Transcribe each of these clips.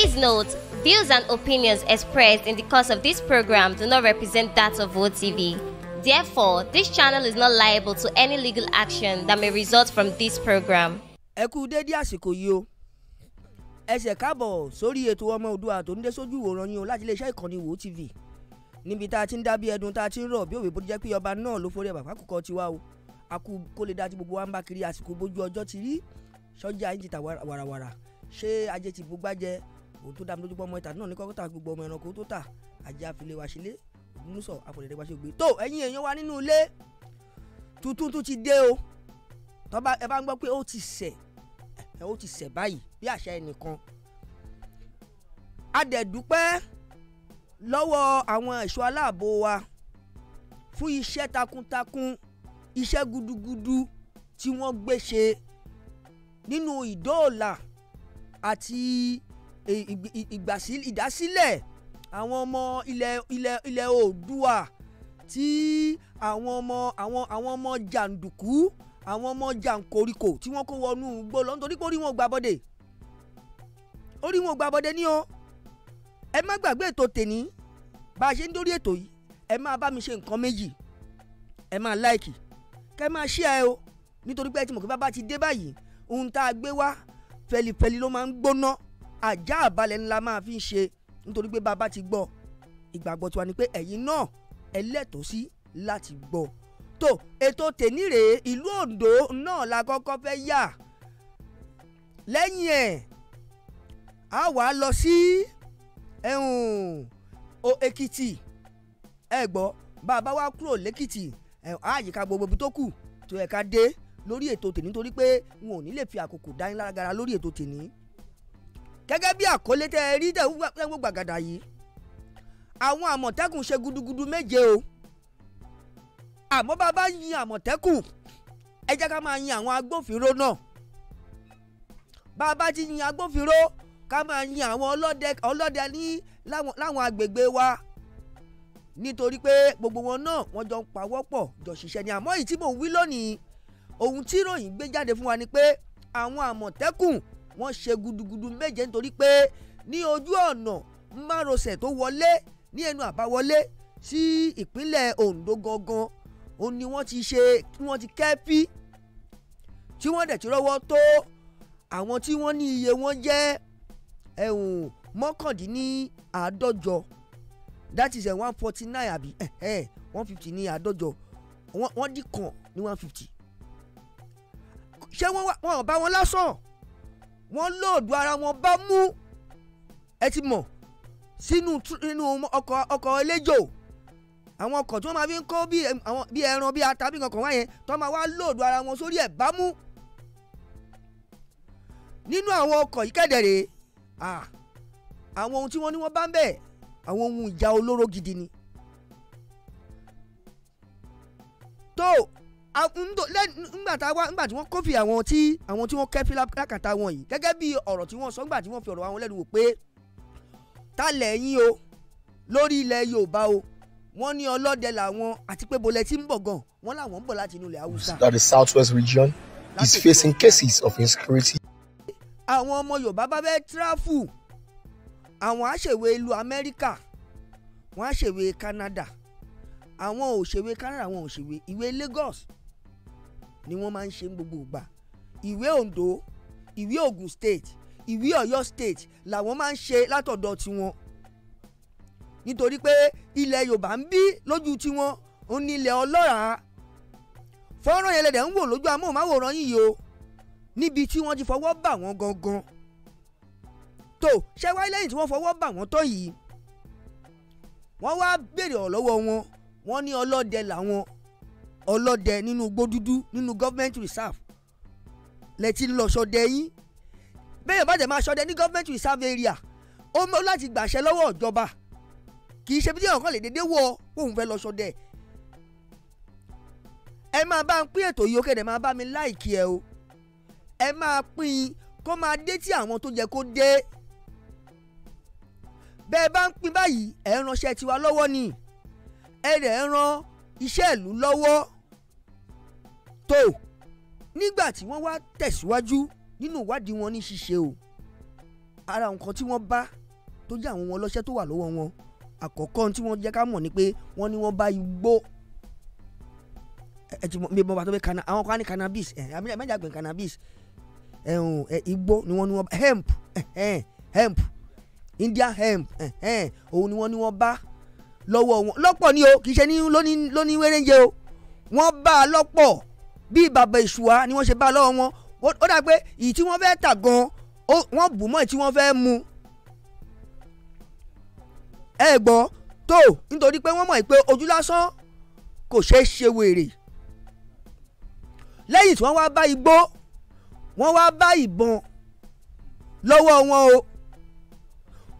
Please note, views and opinions expressed in the course of this program do not represent that of OTV. Therefore, this channel is not liable to any legal action that may result from this program. Ẹ kú dédé àsìkò yìí o. Ẹ ṣe káàbọ̀ sórí ètò ọmọ Oòduà tó ń dé sójú ìwòran yín o láti iléeṣẹ́ ìkànnì Wo TV. Níbi tá a ti ń dábí ẹdun tá a ti ń rọ̀ bí òwe bó jẹ́ pé ọba náà ló forí ẹ̀ bàbá tiwa o. A kú kó lè dájú gbogbo wa ń bá kiri àsìkò bójú ọjọ́ ti rí. Sọ́jà yín ti ta wàràwàrà. Ṣé ajé ti bó gbájẹ́? òun tó dámi lójú pọ́ ọmọ ìta náà ní kọ́kọ́tà gbogbo ọmọ ẹranko tó tà ajá filé wa ṣílé ògúnúsọ àpòlẹ̀dẹ̀ wa ṣe gbé tó ẹ̀yin èèyàn wa nínú ilé tuntun tún ti dé o tọ́ba ẹ bá ń gbọ́ pé ó ti sẹ̀ ẹ ó ti sẹ̀ báyìí bí àṣà ẹnìkan a lọ́wọ́ àwọn ẹ̀ṣọ́ aláàbò wa fún iṣẹ́ takuntakun iṣẹ́ gudugudu tí wọ́n gbé ṣe nínú ìdóòlà àti ìdásílẹ̀ àwọn ọmọ ilẹ̀ ilẹ̀ ilẹ̀ oòdùà tí àwọn ọmọ àwọn àwọn ọmọ jàǹdùkú àwọn ọmọ jàǹkoríko tí wọ́n kó wọnú igbó lọ nítorí pé orí wọn ò gbàbọdè orí wọn ò gbàbọdè ní o ẹ má gbàgbé ètò tèní bá a ṣe ń dórí ètò yìí ẹ máa bá mi ṣe nǹkan méjì ẹ máa láìkì kẹ máa share o nítorí pé ẹ ti mọ̀ pé bàbá ti dé báyìí ohun tá a gbé wá fẹlifẹli ló máa ń gbóná àjá àbalẹ̀ ńlá máa fi ń ṣe nítorí pé bàbá ti gbọ́ ìgbàgbọ́ tiwa ni pé ẹ̀yin náà ẹlẹ́tọ̀ọ́ sí láti gbọ́ tó ètò tèní rèé ìlú Ondo náà la kọ́kọ́ fẹ́ yà lẹ́yìn ẹ̀ a wà á lọ sí o ekiti ẹ gbọ́ bàbá wa kúrò lẹ́kìtì ẹ̀hún àyíká gbogbo ibi tó kù tó ẹ̀ka dé lórí ètò tèní torí pé wọn ò ní lè fi àkókò dání lára gara lórí ètò tèní gẹ́gẹ́ bí àkọlé tẹ́ ẹ rí tẹ́wọ́ gbàgàdà yìí àwọn àmọ̀tẹ́kùn ṣe gudugudu méje o àmọ́ bá a bá yin àmọ̀tẹ́kùn ẹ jẹ́ ká máa yin àwọn agbófinró náà bá a bá ti yin agbófinró ká máa yin àwọn ọlọ́dẹ ọlọ́dẹ ní láwọn agbègbè wa nítorí pé gbogbo wọn náà wọ́n jọ ń pawọ́pọ̀ jọ ṣiṣẹ́ ni àmọ́ èyí tí mò ń wí lónìí ohun tí ìròyìn gbé jáde fún wa ni pé àwọn àmọ̀tẹ́kùn wọ́n ṣe gudugudu méje nítorí pé ní ojú ọ̀nà márosẹ̀ tó wọlé ní ẹnu àbáwọlé sí ìpínlẹ̀ Ondo gangan òun ni wọ́n ti ṣe kí wọ́n ti kẹ́pí tí wọ́n dẹ̀ ti rọ́wọ́ tó àwọn tí wọ́n ní iye wọn jẹ́ ẹ̀hún mọ́kàndínláàádọ́jọ that is one forty nine àbí one fifty ní àádọ́jọ wọ́n dín kan ní one fifty ṣé wọ́n bá wọn lásán wọ́n lóòdù ara wọn bá mú ẹ ti mọ̀ sínú inú ọkọ̀ ọkọ̀ eléjò àwọn ọkọ̀ tí wọ́n máa fi ń kó bí ẹran bí ata bí kankan wáyẹn tí wọ́n máa wá lóòdù ara wọn sórí ẹ̀ bá mú nínú àwọn ọkọ̀ yìí kẹ́dẹ̀rẹ́ àwọn ohun tí wọ́n ní wọ́n bá ń bẹ̀ àwọn ohun ìjà olóró gidi ni. tó nígbà tá a wá kófì àwọn tí àwọn tí wọ́n kẹ́fí lákàtà wọn yìí gẹ́gẹ́ bí ọ̀rọ̀ tí wọ́n sọ nígbà tí wọ́n fi ọ̀rọ̀ àwọn lẹ́nu wò pé ta lẹ́yìn o lórí ilẹ̀ Yorùbá o wọ́n ní ọlọ́dẹ làwọn àti pé bolẹ̀ tí ń bọ̀ gan wọ́n làwọn ń bọ̀ láti inú ilẹ̀ Haúsá. that the southwest region is facing cases of insecurity. àwọn ọmọ Yorùbá bá fẹ́ tíráfù àwọn àṣèwé ìlú Amẹ́ríkà wọ́n àṣèwé Canada àwọn òṣèwé Canada àwọn òṣèwé ìwé Lagos ni wọ́n máa ń ṣe gbogbo ìgbà ìwé Ondo ìwé Ogun State ìwé Ọ̀yọ́ State làwọn máa ń ṣe látọ̀dọ̀ tiwọn nítorí pé ilẹ̀ Yorùbá ń bí lójú tiwọn òun ni ilẹ̀ ọlọ́ràá fọ́nrán yẹn lẹ́dẹ̀ ń wò lójú amóhùnmáwòrán yìí o níbi tí wọ́n ti fọwọ́ bà wọ́n gangan tó ṣé wáyé lẹ́yìn tí wọ́n fọwọ́ bà wọ́n tán yìí wọ́n wá béèrè ọ̀ lọ́wọ́ wọn wọ́n ní ọlọ́dẹ làwọn ọlọ́dẹ nínú igbó dúdú nínú government reserve lẹ́tí lọ ṣọdẹ yín bẹ́ẹ̀ bá dẹ̀ máa ṣọdẹ ní government reserve area ó mọ́ láti gbàṣẹ lọ́wọ́ ìjọba kì í ṣe bí ọ̀kan lè dédé wọ òun fẹ́ lọ ṣọdẹ ẹ máa bá ń pín ètò yìí ó kéde máa bá mi láìkí ẹ o ẹ máa pín in kó máa dé tí àwọn tó yẹ kó dé bẹ́ẹ̀ bá ń pín báyìí ẹ̀ ránṣẹ́ tiwa lọ́wọ́ ni ẹ̀ rẹ̀ ń ran iṣẹ́ ìlú lọ́wọ́ tó nígbà tí wọ́n wá tẹ̀síwájú nínú ìwádìí wọn ní ṣíṣe o ara nǹkan tí wọ́n bá tó jẹ́ àwọn wọn lọ́ṣẹ́ tó wà lọ́wọ́ wọn àkọ́kọ́ tí wọ́n jẹ́ ká mọ̀ ni pé wọ́n ní wọ́n bá igbó ẹ ti mọ mi bá tó pé kana àwọn kan ní cannabis ẹ ẹ mẹ́jà gbìn cannabis ẹ ọ̀hún ẹ igbó ni wọ́n ní wọ́n hemp hemp India hemp òun ni wọ́n ní wọ́n bá lọ́wọ́ wọn lọ́pọ̀ ni o kì í ṣe ní lóní lóní wérénjẹ o wọ́n bá a lọ́pọ̀ bí bàbá ìṣùwà ni wọ́n ṣe bá lọ́wọ́ wọn ó dà pé ìyí tí wọ́n fẹ́ tà gan wọ́n bù mọ́ ìyí tí wọ́n fẹ́ mu. ẹ gbọ́ tó nítorí pé wọ́n mọ̀ pé ojú lásán kò ṣeé ṣe wèrè lẹ́yìn tí wọ́n wá bá igbó wọ́n wá bá ìbọn lọ́wọ́ wọn o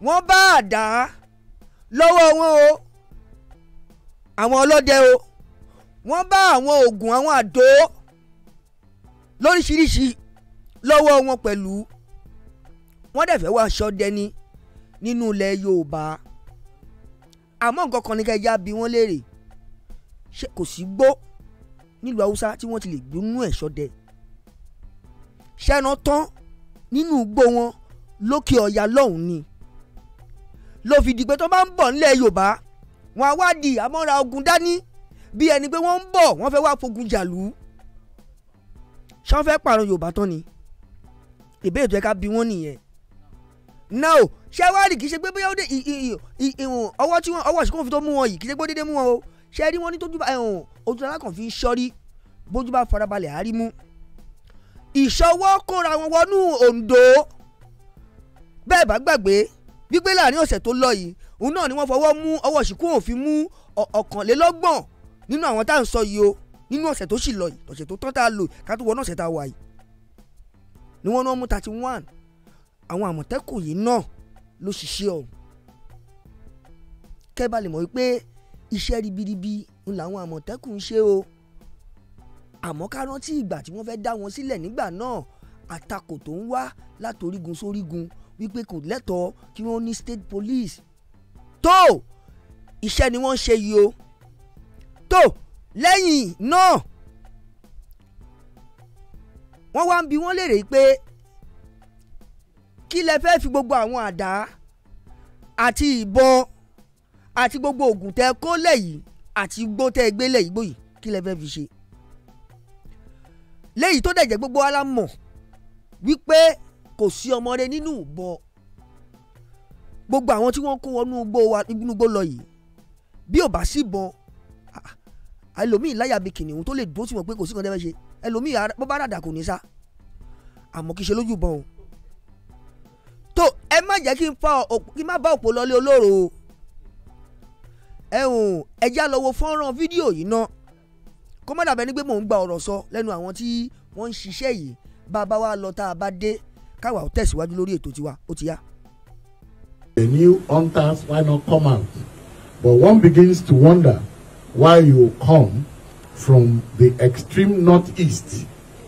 wọ́n bá àdá lọ́wọ́ wọn o àwọn ọlọ́dẹ o wọ́n bá àwọn oògùn àwọn àdó lóríṣiríṣi lọ́wọ́ wọn pẹ̀lú wọ́n dẹ̀ fẹ́ wá ṣọdẹni nínú ilẹ̀ Yorùbá àmọ́ nǹkan kan ní ká ẹja bí wọ́n léèrè ṣé kò sí gbó nílùú Haúsá tí wọ́n ti lè gbónú ẹ̀ ṣọdẹ ṣẹ́ran tán nínú igbó wọn lókè ọ̀yà lọ́hùn ni ló fi dìgbẹ́ tó bá ń bọ̀ nílẹ̀ Yorùbá wọn á wá di àmọ́ra ogun dání bí ẹni pé wọ́n ń bọ̀ wọ́n fẹ́ wá fogun jàlú ṣé wọ́n fẹ́ pààrọ̀ Yorùbá tán ni ìbéèrè tó yẹ ká bí wọ́n nìyẹn now ṣé wàá rí kì í ṣe pé bóyá ó dé ọwọ́ tí wọ́n ọwọ́ àṣìkò fi tó mú wọn yìí kì í ṣe pé ó dédé mú wọn o ṣé rí wọn ní tójú bá ojú alákàn fi ń ṣọ́rí bójú bá farabalẹ̀ á rí mú ìṣọwọ́ kóra wọn wọnú Ondo bẹ́ẹ̀ bá gbàgbé gbígbé láàrin ọ̀sẹ̀ tó lọ yìí òun náà ni wọ́n fọwọ́ mú ọwọ́ ṣìkú òfin mú ọ̀kànlélọ́gbọ̀n nínú àwọn tá à ń sọ yìí o nínú ọ̀sẹ̀ tó sì lọ yìí ọ̀sẹ̀ tó tán tá a lò ká tó wọnú ọ̀sẹ̀ tá a wà yìí ni wọ́n náà mú thirty one àwọn àmọ̀tẹ́kùn yìí náà ló ṣiṣẹ́ ọ̀hún kẹ́ bá lè mọ̀ wípé iṣẹ́ ribiribi ń làwọn àmọ̀tẹ́kùn ń ṣe o àmọ́ ká rántí ìgbà tí wọ́n fẹ́ dá wọn sílẹ̀ nígbà náà àtakò tó ń wá látorígun sórígun wípé kò lẹ́tọ̀ọ́ kí wọ́n ní state police tó iṣẹ́ ni wọ́n ń ṣe yìí o tó lẹ́yìn náà wọ́n wá ń bi wọ́n léèrè pé kí lẹ fẹ́ fi gbogbo àwọn àdá àti ìbọn àti gbogbo oògùn tẹ kó lẹ́yìn àti igbó tẹ gbé lẹ́yìn gbòyìí kí lẹ fẹ́ fi ṣe léyìí tó dẹ̀jẹ̀ gbogbo wa la mọ̀ wípé kò sí ọmọdé nínú ìbọ gbogbo àwọn tí wọ́n kó wọnú igbó wa inú igbó lọ yìí bí ò bá sí bọn ẹlòmíì láyà bíi kìnìún tó lè dúró sí wọn pé kò sí kan tẹ́ ẹlòmíì bó bá ràdà kò ní sá àmọ́ kì í ṣe lójú bọ́n o tó ẹ má jẹ́ kí n fa kí n má bá òpó lọlé olóró o ẹ hùn ẹ já lọ wo fọ́nrán fídíò yìí ná kó má dàbẹ́ ni pé mò ń gba ọ̀rọ̀ sọ lẹ́nu àwọn tí wọ́n ń ṣiṣẹ́ yìí bá a bá wa lọ tá a bá dé káwa ò tẹ̀síwájú lórí ètò tiwa ó ti yá. the new hunters why not come out but one begins to wonder Why you come from the extreme northeast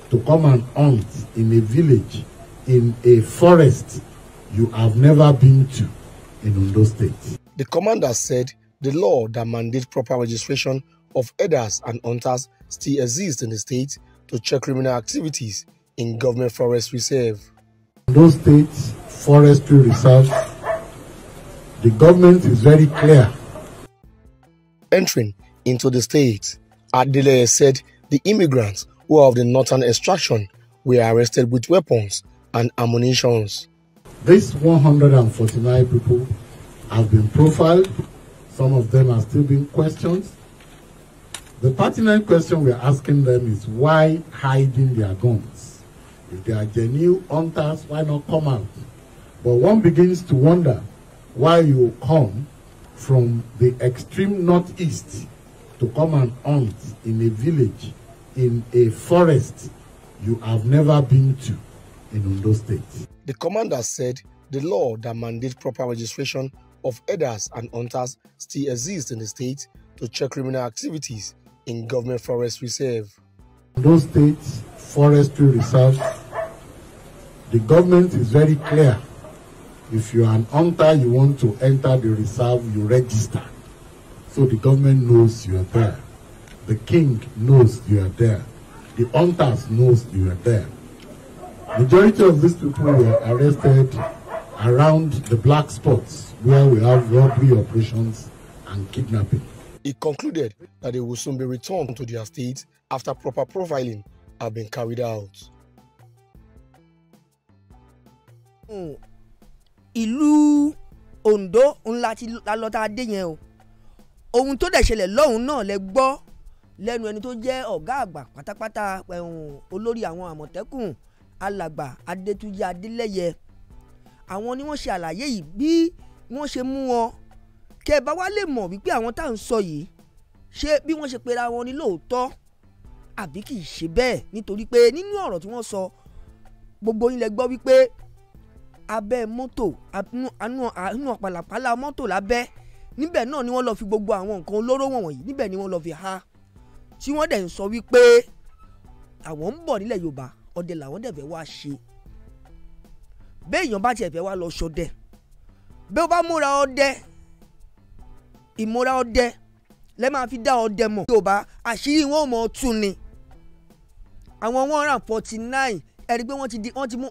to come and hunt in a village, in a forest you have never been to in those State. The commander said the law that mandates proper registration of herders and hunters still exists in the state to check criminal activities in government forest reserve. Those State Forestry Reserve, the government is very clear. Entering into the state. Adele said the immigrants who are of the northern extraction were arrested with weapons and ammunition. These 149 people have been profiled. Some of them are still being questioned. The pertinent question we are asking them is why hiding their guns? If they are genuine hunters, why not come out? But one begins to wonder why you come from the extreme northeast to come and hunt in a village, in a forest you have never been to in Ondo State. The commander said the law that mandates proper registration of herders and hunters still exists in the state to check criminal activities in government forest reserve. Ondo State forestry reserves, the government is very clear. If you are an hunter, you want to enter the reserve, you register. So the government knows you are there. The king knows you are there. The hunters knows you are there. Majority of these people were arrested around the black spots where we have robbery operations and kidnapping. It concluded that they will soon be returned to their states after proper profiling have been carried out. Hmm. ìlú Ondo ńlá ti lálọ́ta dé yẹn ohun tó dẹ̀ ṣẹlẹ̀ lọ́hùn náà lẹ gbọ́ lẹ́nu ẹni tó jẹ́ ọ̀gá àgbà pátápátá olórí àwọn àmọ̀tẹ́kùn alàgbà adétúnjì adélẹ́yẹ àwọn ni wọ́n ṣe àlàyé yìí bí wọ́n ṣe mú wọn kẹ́ ẹ bá wá lè mọ̀ wípé àwọn tá à ń sọ yìí ṣé bí wọ́n ṣe pera wọn ni lóòótọ́ àbí kì í ṣe bẹ́ẹ̀ nítorí pé nínú ọ̀rọ̀ tí wọ́n sọ gbogbo yín lẹ gbọ́ wípé abẹ́ mọ́tò anú àpàlàpàlà mọ́tò lábẹ́ níbẹ̀ náà ni wọ́n lọ fi gbogbo àwọn nǹkan olóró wọ̀nyí níbẹ̀ ni wọ́n lọ fi há tí wọ́n dẹ̀ ń sọ wípé àwọn ń bọ̀ nílẹ̀ Yorùbá ọdẹ làwọn dẹ̀ fẹ́ wá ṣe béèyàn bá tiẹ̀ fẹ́ wá lọ ṣọdẹ bí ó bá múra ọdẹ ìmúra ọdẹ lẹ́ máa fi dá ọdẹ mọ̀ Yorùbá àṣírí wọn ò mọ̀ tún ni àwọn one hundred and forty nine ẹ̀rí pé wọ́n ti di wọ́n ti mú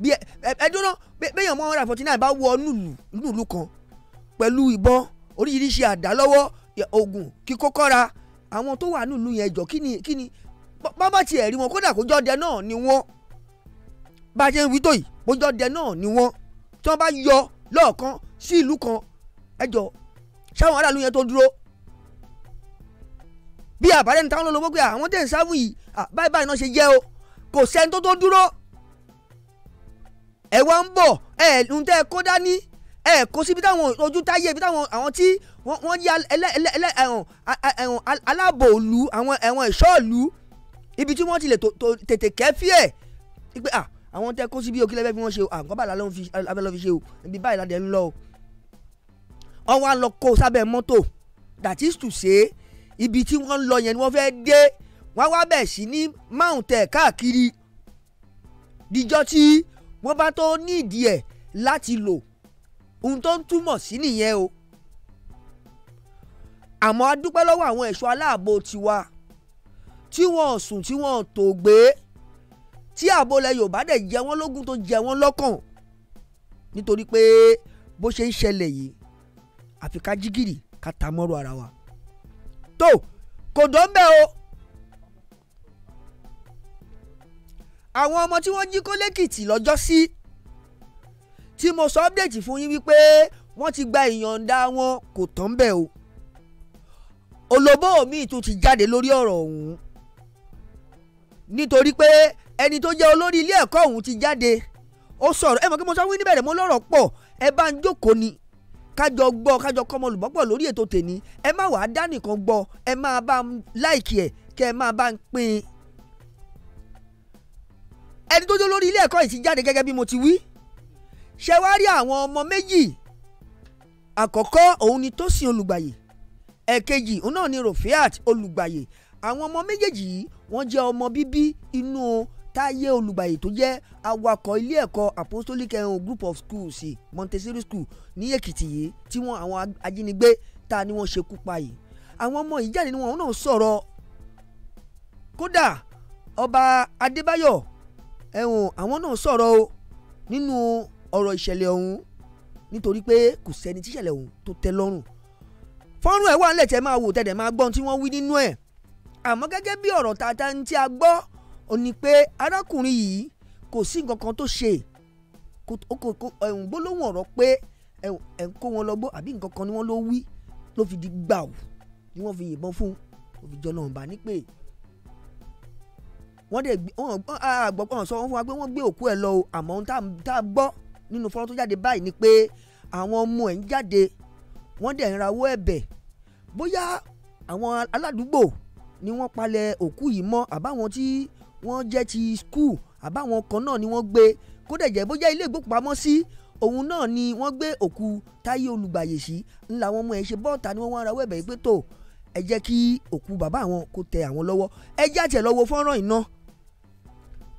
bí ẹ ẹ dúró béèyàn one hundred and forty nine bá wọ nùlù nùlù kan pẹ̀lú ìbọn oríṣiríṣi àdá lọ́wọ́ oògùn kíkó kọ́ra àwọn tó wà nílùú yẹn jọ kí ni kí ni bábà tiẹ̀ rí wọn kódà kó jọ́dẹ náà ni wọ́n bá a ṣe ń wí tó yìí kó jọ́dẹ náà ni wọ́n tí wọ́n bá yọ lọ́ọ̀kan sí ìlú kan ẹjọ́ sáwọn aráàlú yẹn tó dúró bí àbárẹ́ni táwọn olówó pé àwọn tẹ̀ ń sáfù yìí báyìí báyìí náà ṣe jẹ́ o kò sẹ́ni tó tó dúró ẹ̀ wá ń bọ̀ ẹ̀ ń tẹ́ kó dání ẹ kó síbi táwọn ojú táyé ibi táwọn àwọn tí wọ́n yá ẹ̀wọ̀n aláàbò òlu àwọn ẹ̀wọ̀n ẹ̀ṣọ́ òlu ibi tí wọ́n ti lè tètè kẹ́fí ẹ̀ pé àwọn tẹ́ kó síbi òkè lẹ́fẹ̀ẹ́ bí wọ́n ṣe o àǹkọ́ báyìí lábẹ́ lọ́ fi ṣe o ibi báyìí ládẹ́ ń lọ o. wọ́n wá lọ kó sábẹ́ mọ́tò that is to say ibi tí wọ́n ń lọ yẹn ni wọ́n fẹ́ dé wọ́n wá bẹ̀ sí ní mount ẹ̀ káàkiri díjọ́ tí wọ́n bá tó ní ìdí ẹ̀ láti lò ohun tó ń túmọ̀ sí nìyẹn o àmọ́ a dúpẹ́ lọ́wọ́ àwọn ẹ̀ṣọ́ aláàbò tiwa tí wọ́n sùn tí wọ́n tò gbé tí àbólẹ̀ Yorùbá dẹ̀ jẹ wọ́n lógún tó jẹ wọ́n lọ́kàn nítorí pé bó ṣe ń ṣẹlẹ̀ yìí àfi ká jí ká ta mọ́rọ̀ ara wa tó kò dán bẹ́ẹ̀ o àwọn ọmọ tí wọ́n jí kó lẹ́kìtì lọ́jọ́ sí. Si tí mo sọ update fún yín wípé wọ́n ti gba ìyọ̀ǹda wọn kò tán bẹ́ẹ̀ o olóbó mi tún ti jáde lórí ọ̀rọ̀ ọ̀hún nítorí pé ẹni tó jẹ́ olórí ilé ẹ̀kọ́ ọ̀hún ti jáde ó sọ̀rọ̀ ẹ mọ̀ kí mo sọ wí níbẹ̀rẹ̀ mo lọ́rọ̀ pọ̀ ẹ bá ń jókòó ni kájọ gbọ́ kájọ kọ́mọ olùbọ́pọ̀ lórí ètò tèmi ẹ má wàá dá nìkan gbọ́ ẹ máa bá ń láìkì ẹ̀ kẹ́ ẹ máa bá ń pín in ẹni tó jẹ́ olórí ilé ẹ̀kọ́ yìí ti jáde gẹ́gẹ́ bí mo ti wí ṣé wá rí àwọn ọmọ méjì àkọ́kọ́ òun ni Tósìn Olùgbàyè ẹ̀kejì òun náà ni Rofiat Olùgbàyè àwọn ọmọ méjèèjì yìí wọ́n jẹ́ ọmọ bíbí inú Táyé Olùgbàyè tó jẹ́ awakọ̀ ilé ẹ̀kọ́ Apostolic ẹ̀hún group of schools Montessori school ní Èkìtì yìí tí wọ́n àwọn ajínigbé ta ni wọ́n ṣekú pa yìí àwọn ọmọ yìí jáde ni wọn náà sọ̀rọ̀ kódà ọba Adébáyọ̀ ẹ̀hún àwọn náà sọ̀rọ̀ o nínú ọ̀rọ̀ ìṣẹ̀lẹ̀ ọ̀hún nítorí pé kò sẹ́ni tíṣẹ̀lẹ̀ ọ̀hún tó tẹ́ lọ́rùn fọ́nrún ẹ̀ wà nílẹ̀ tẹ́ máa wò tẹ́lẹ̀ máa gbọ́n tí wọ́n wí nínú ẹ̀ àmọ́ gẹ́gẹ́ bí ọ̀rọ̀ tata ní tí a gbọ́ ò ní pé arákùnrin yìí kò sí nǹkan kan tó ṣe ẹ̀hún gbólóhùn ọ̀rọ̀ pé ẹ̀ ń kó wọn lọ́gbọ́ àbí nǹkan kan ni wọ́n ló wí ló fi di gbàù ni wọ́n fi yìnbọn fún ó fi jọlọ́run bá ní pé wọ́n dẹ̀ gbé àgbọ̀ wọ́n sọ wọ́n fún wa pé wọ́n gbé òkú ẹ̀ lọ o àmọ́ ohun tá a gbọ́ nínú fọ́nrán tó jáde báyìí ni pé àwọn ọmọ ẹ̀ ń jáde wọ́n dẹ̀ ń rawọ́ ẹ̀bẹ̀ bóyá àwọn aládùúgbò ni wọ́n palẹ̀ òkú yìí mọ́ àbáwọn tí wọ́n jẹ́ ti skul àbáwọn kan náà ni wọ́n gbé kó dẹ̀ jẹ́ bóyá ilé ìgbókùpamọ́sí òun náà ni wọ́n gbé òkú táyé olùgbàyè sí ńlá àwọn ọmọ ẹ̀ ṣe bọ́ọ̀ta ni wọ́n wá ara wẹ̀bẹ̀ yìí pé tó ẹ jẹ́ kí òkú bàbá àwọn kó tẹ àwọn lọ́wọ́ ẹ jẹ́ àtẹ̀ fọ́nrán iná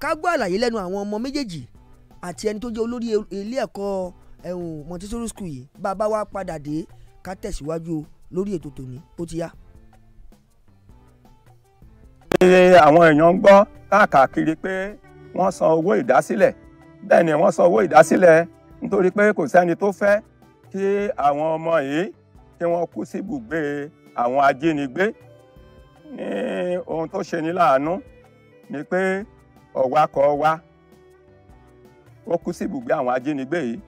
ká gbọ́ àlàyé lẹ́nu àwọn ọmọ méjèèjì àti ẹni tó jẹ́ olórí e, ilé ẹ̀kọ́ ẹ̀hún Montessori school yìí bàbá wa padà dé ká tẹ̀síwájú lórí ètò tòní ó ti yá. ṣe àwọn èèyàn ń gbọ́ káàkiri pé wọ́n san owó ìdásílẹ̀ bẹ́ẹ̀ ni wọ́n san owó ìdásílẹ̀ nítorí pé kò sẹ́ni tó fẹ́ kí àwọn ọmọ yìí kí wọ́n kú sí ibùgbé àwọn ajínigbé ní ohun tó ṣe ní láàánú ni pé ọ̀wákọ̀ wa kó kú sí ibùgbé àwọn ajínigbé yìí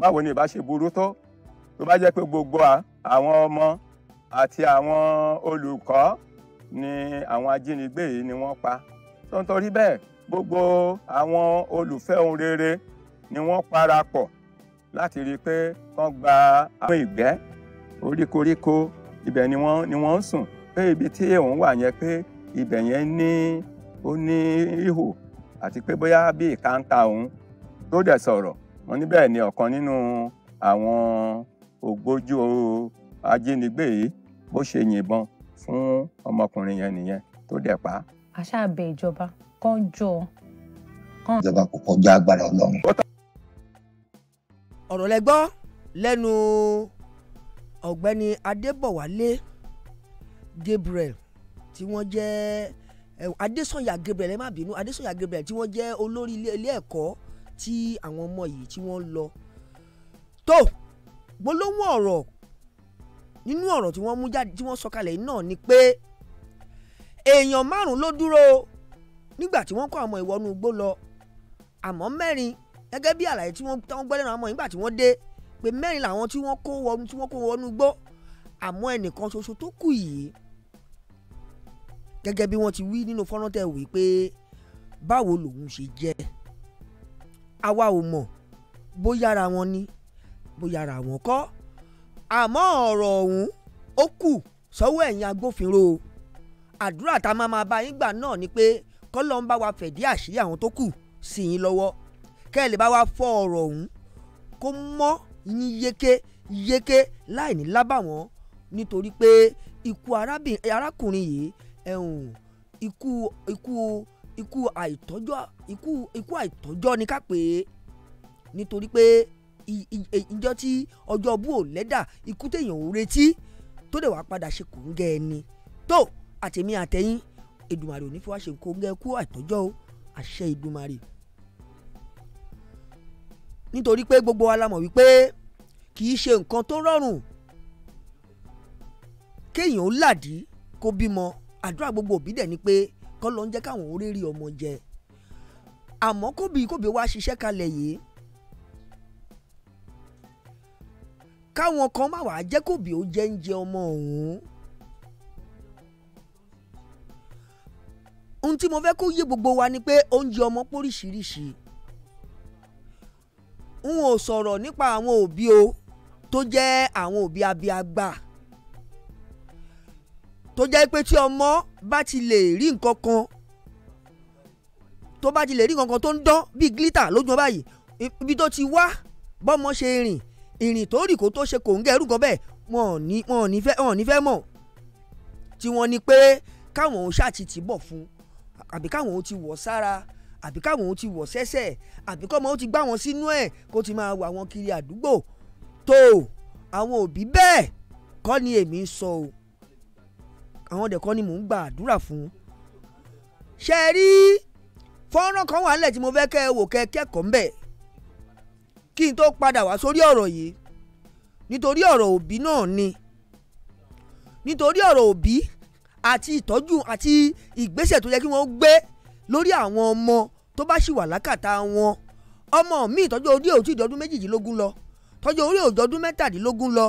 báwo ni ìbá ṣe burú tó tó bá jẹ́ pé gbogbo àwọn ọmọ àti àwọn olùkọ́ ni àwọn ajínigbé yìí ni wọ́n pa tó ń torí bẹ́ẹ̀ gbogbo àwọn olùfẹ́ ohun rere ni wọ́n parapọ̀ láti rí i pé wọ́n gba àwọn ìgbẹ́ oríkoríko ibẹ̀ ni wọ́n ni wọ́n ń sùn pé ibi tí òun wà yẹn pé ibẹ̀ yẹn ní ó ní àti pé bóyá bí ìka ń ta òun tó dẹ̀ sọ̀rọ̀ wọ́n ní bẹ́ẹ̀ ni ọ̀kan nínú àwọn ògbójú ajínigbé yìí bó ṣe yìnbọn fún ọmọkùnrin yẹn nìyẹn tó dẹ̀ pa á. àṣà àbẹ̀ ìjọba kan jọ. ìjọba kò kọjá agbára ọlọ́run. ọ̀rọ̀ lẹ gbọ́ lẹ́nu ọ̀gbẹ́ni adébọ̀wálé gabriel tí wọ́n jẹ́ adésanya gabriel ẹ má bínú adésanya gabriel tí wọ́n jẹ́ olórí ilé ẹ̀kọ́ tí àwọn ọmọ yìí tí wọ́n lọ. tó gbólóhùn ọ̀rọ̀ nínú ọ̀rọ̀ tí wọ́n mú jáde tí wọ́n sọ kalẹ̀ náà ni pé èèyàn márùn-ún ló dúró nígbà tí wọ́n kó àwọn ìwọ́nú igbó lọ àmọ́ mẹ́rin gẹ́gẹ́ bí àlàyé tí wọ́n gbọ́ lẹ́nu àwọn nígbà tí wọ́n dé pé mẹ́rin làwọn tí wọ́n kó wọnú tí wọ́n kó wọnú igbó àmọ́ ẹnìkan ṣoṣo tó kù yìí gẹ́gẹ́ bí wọ́n ti wí nínú fọ́nrán tẹ̀ wí pé báwo lòun ṣe jẹ́ àwa ò mọ̀ bóyá ara wọn ni bóyá ara wọn kọ́ àmọ́ ọ̀rọ̀ ọ̀hún ó kù sọ́wọ́ ẹ̀yin agbófinró àdúrà tá a máa máa bá yín gbà náà ni pé kọ́lọ́ ń bá wa fẹ̀dí àṣírí àwọn tó kù sí yín lọ́wọ́ kẹ́ ẹ lè bá wa fọ ọ̀rọ̀ ọ̀hún kó mọ́ yín yéké yéké láì ní lábàwọ́n nítorí pé ikú arákùnrin yìí ikú ikú àìtọ́jọ́ ikú ikú àìtọ́jọ́ ni ká pè é nítorí pé ìjọ tí ọjọ́ bú ò lẹ́dà ikú téèyàn ò retí tó dẹ̀ wá padà ṣe kò ń gẹ ẹni tó àtẹ̀mí àtẹ̀yìn Èdùmàrè ò ní fi wá ṣe kò ń gẹ ikú àìtọ́jọ́ o àṣẹ Èdùmàrè nítorí pé gbogbo wa la mọ̀ wípé kì í ṣe nǹkan tó rọrùn kéèyàn ó làdí kó bímọ àdúrà gbogbo òbí dẹ̀ ni pé kọ́ ló ń jẹ́ káwọn oríire ọmọ jẹ àmọ́ kóbi kóbi wá ṣiṣẹ́ kalẹ̀ yìí káwọn kan má wàá jẹ́ kóbi ó jẹ́ ń jẹ ọmọ ọ̀hún. ohun tí mo fẹ́ kó yé gbogbo wa ni pé oúnjẹ ọmọ póríṣiríṣi n ò sọ̀rọ̀ nípa àwọn òbí o tó jẹ́ àwọn òbí abiagbà tó jẹ́ pé tí ọmọ bá ti lè rí nǹkan kan tó bá ti lè rí nǹkan kan tó ń dán bíi glitter lójú ọ báyìí ibi tó ti wá bọ́mọ ṣe rìn ìrìn tó rì kó tó ṣe kò ń gẹrù kan bẹ́ẹ̀ wọn ò ní wọn ò ní fẹ́ wọn ò ní fẹ́ mọ̀ tí wọ́n ní pé káwọn ò ṣáà ti tì bọ̀ fún àbí káwọn ò ti wọ̀ sára àbí káwọn ò ti wọ̀ sẹ́sẹ̀ àbí kọ́mọ ó ti gbá wọn sínú ẹ̀ kó ti máa wà wọn kiri àdúgbò tó àwọn òbí bẹ́ẹ̀ kọ́ ni èmi ń sọ o. So àwọn ọdẹ kan ni mò ń gba àdúrà fún. ṣe é rí fọ́nrán kan wà nílẹ̀ tí mo fẹ́ kẹ́ ẹ wò kẹ́ ẹ kẹ́kọ̀ọ́ ńbẹ̀ kí n tó padà wá sórí ọ̀rọ̀ yìí nítorí ọ̀rọ̀ òbí náà ni nítorí ọ̀rọ̀ òbí àti ìtọ́jú àti ìgbésẹ̀ tó yẹ kí wọ́n gbé lórí àwọn ọmọ tó bá ṣì wà lákàtà wọn ọmọ mi ìtọ́jú orí òjò ìjọdún méjìdínlógún lọ tọ́jú orí òjọdún mẹ́tàdínlógún lọ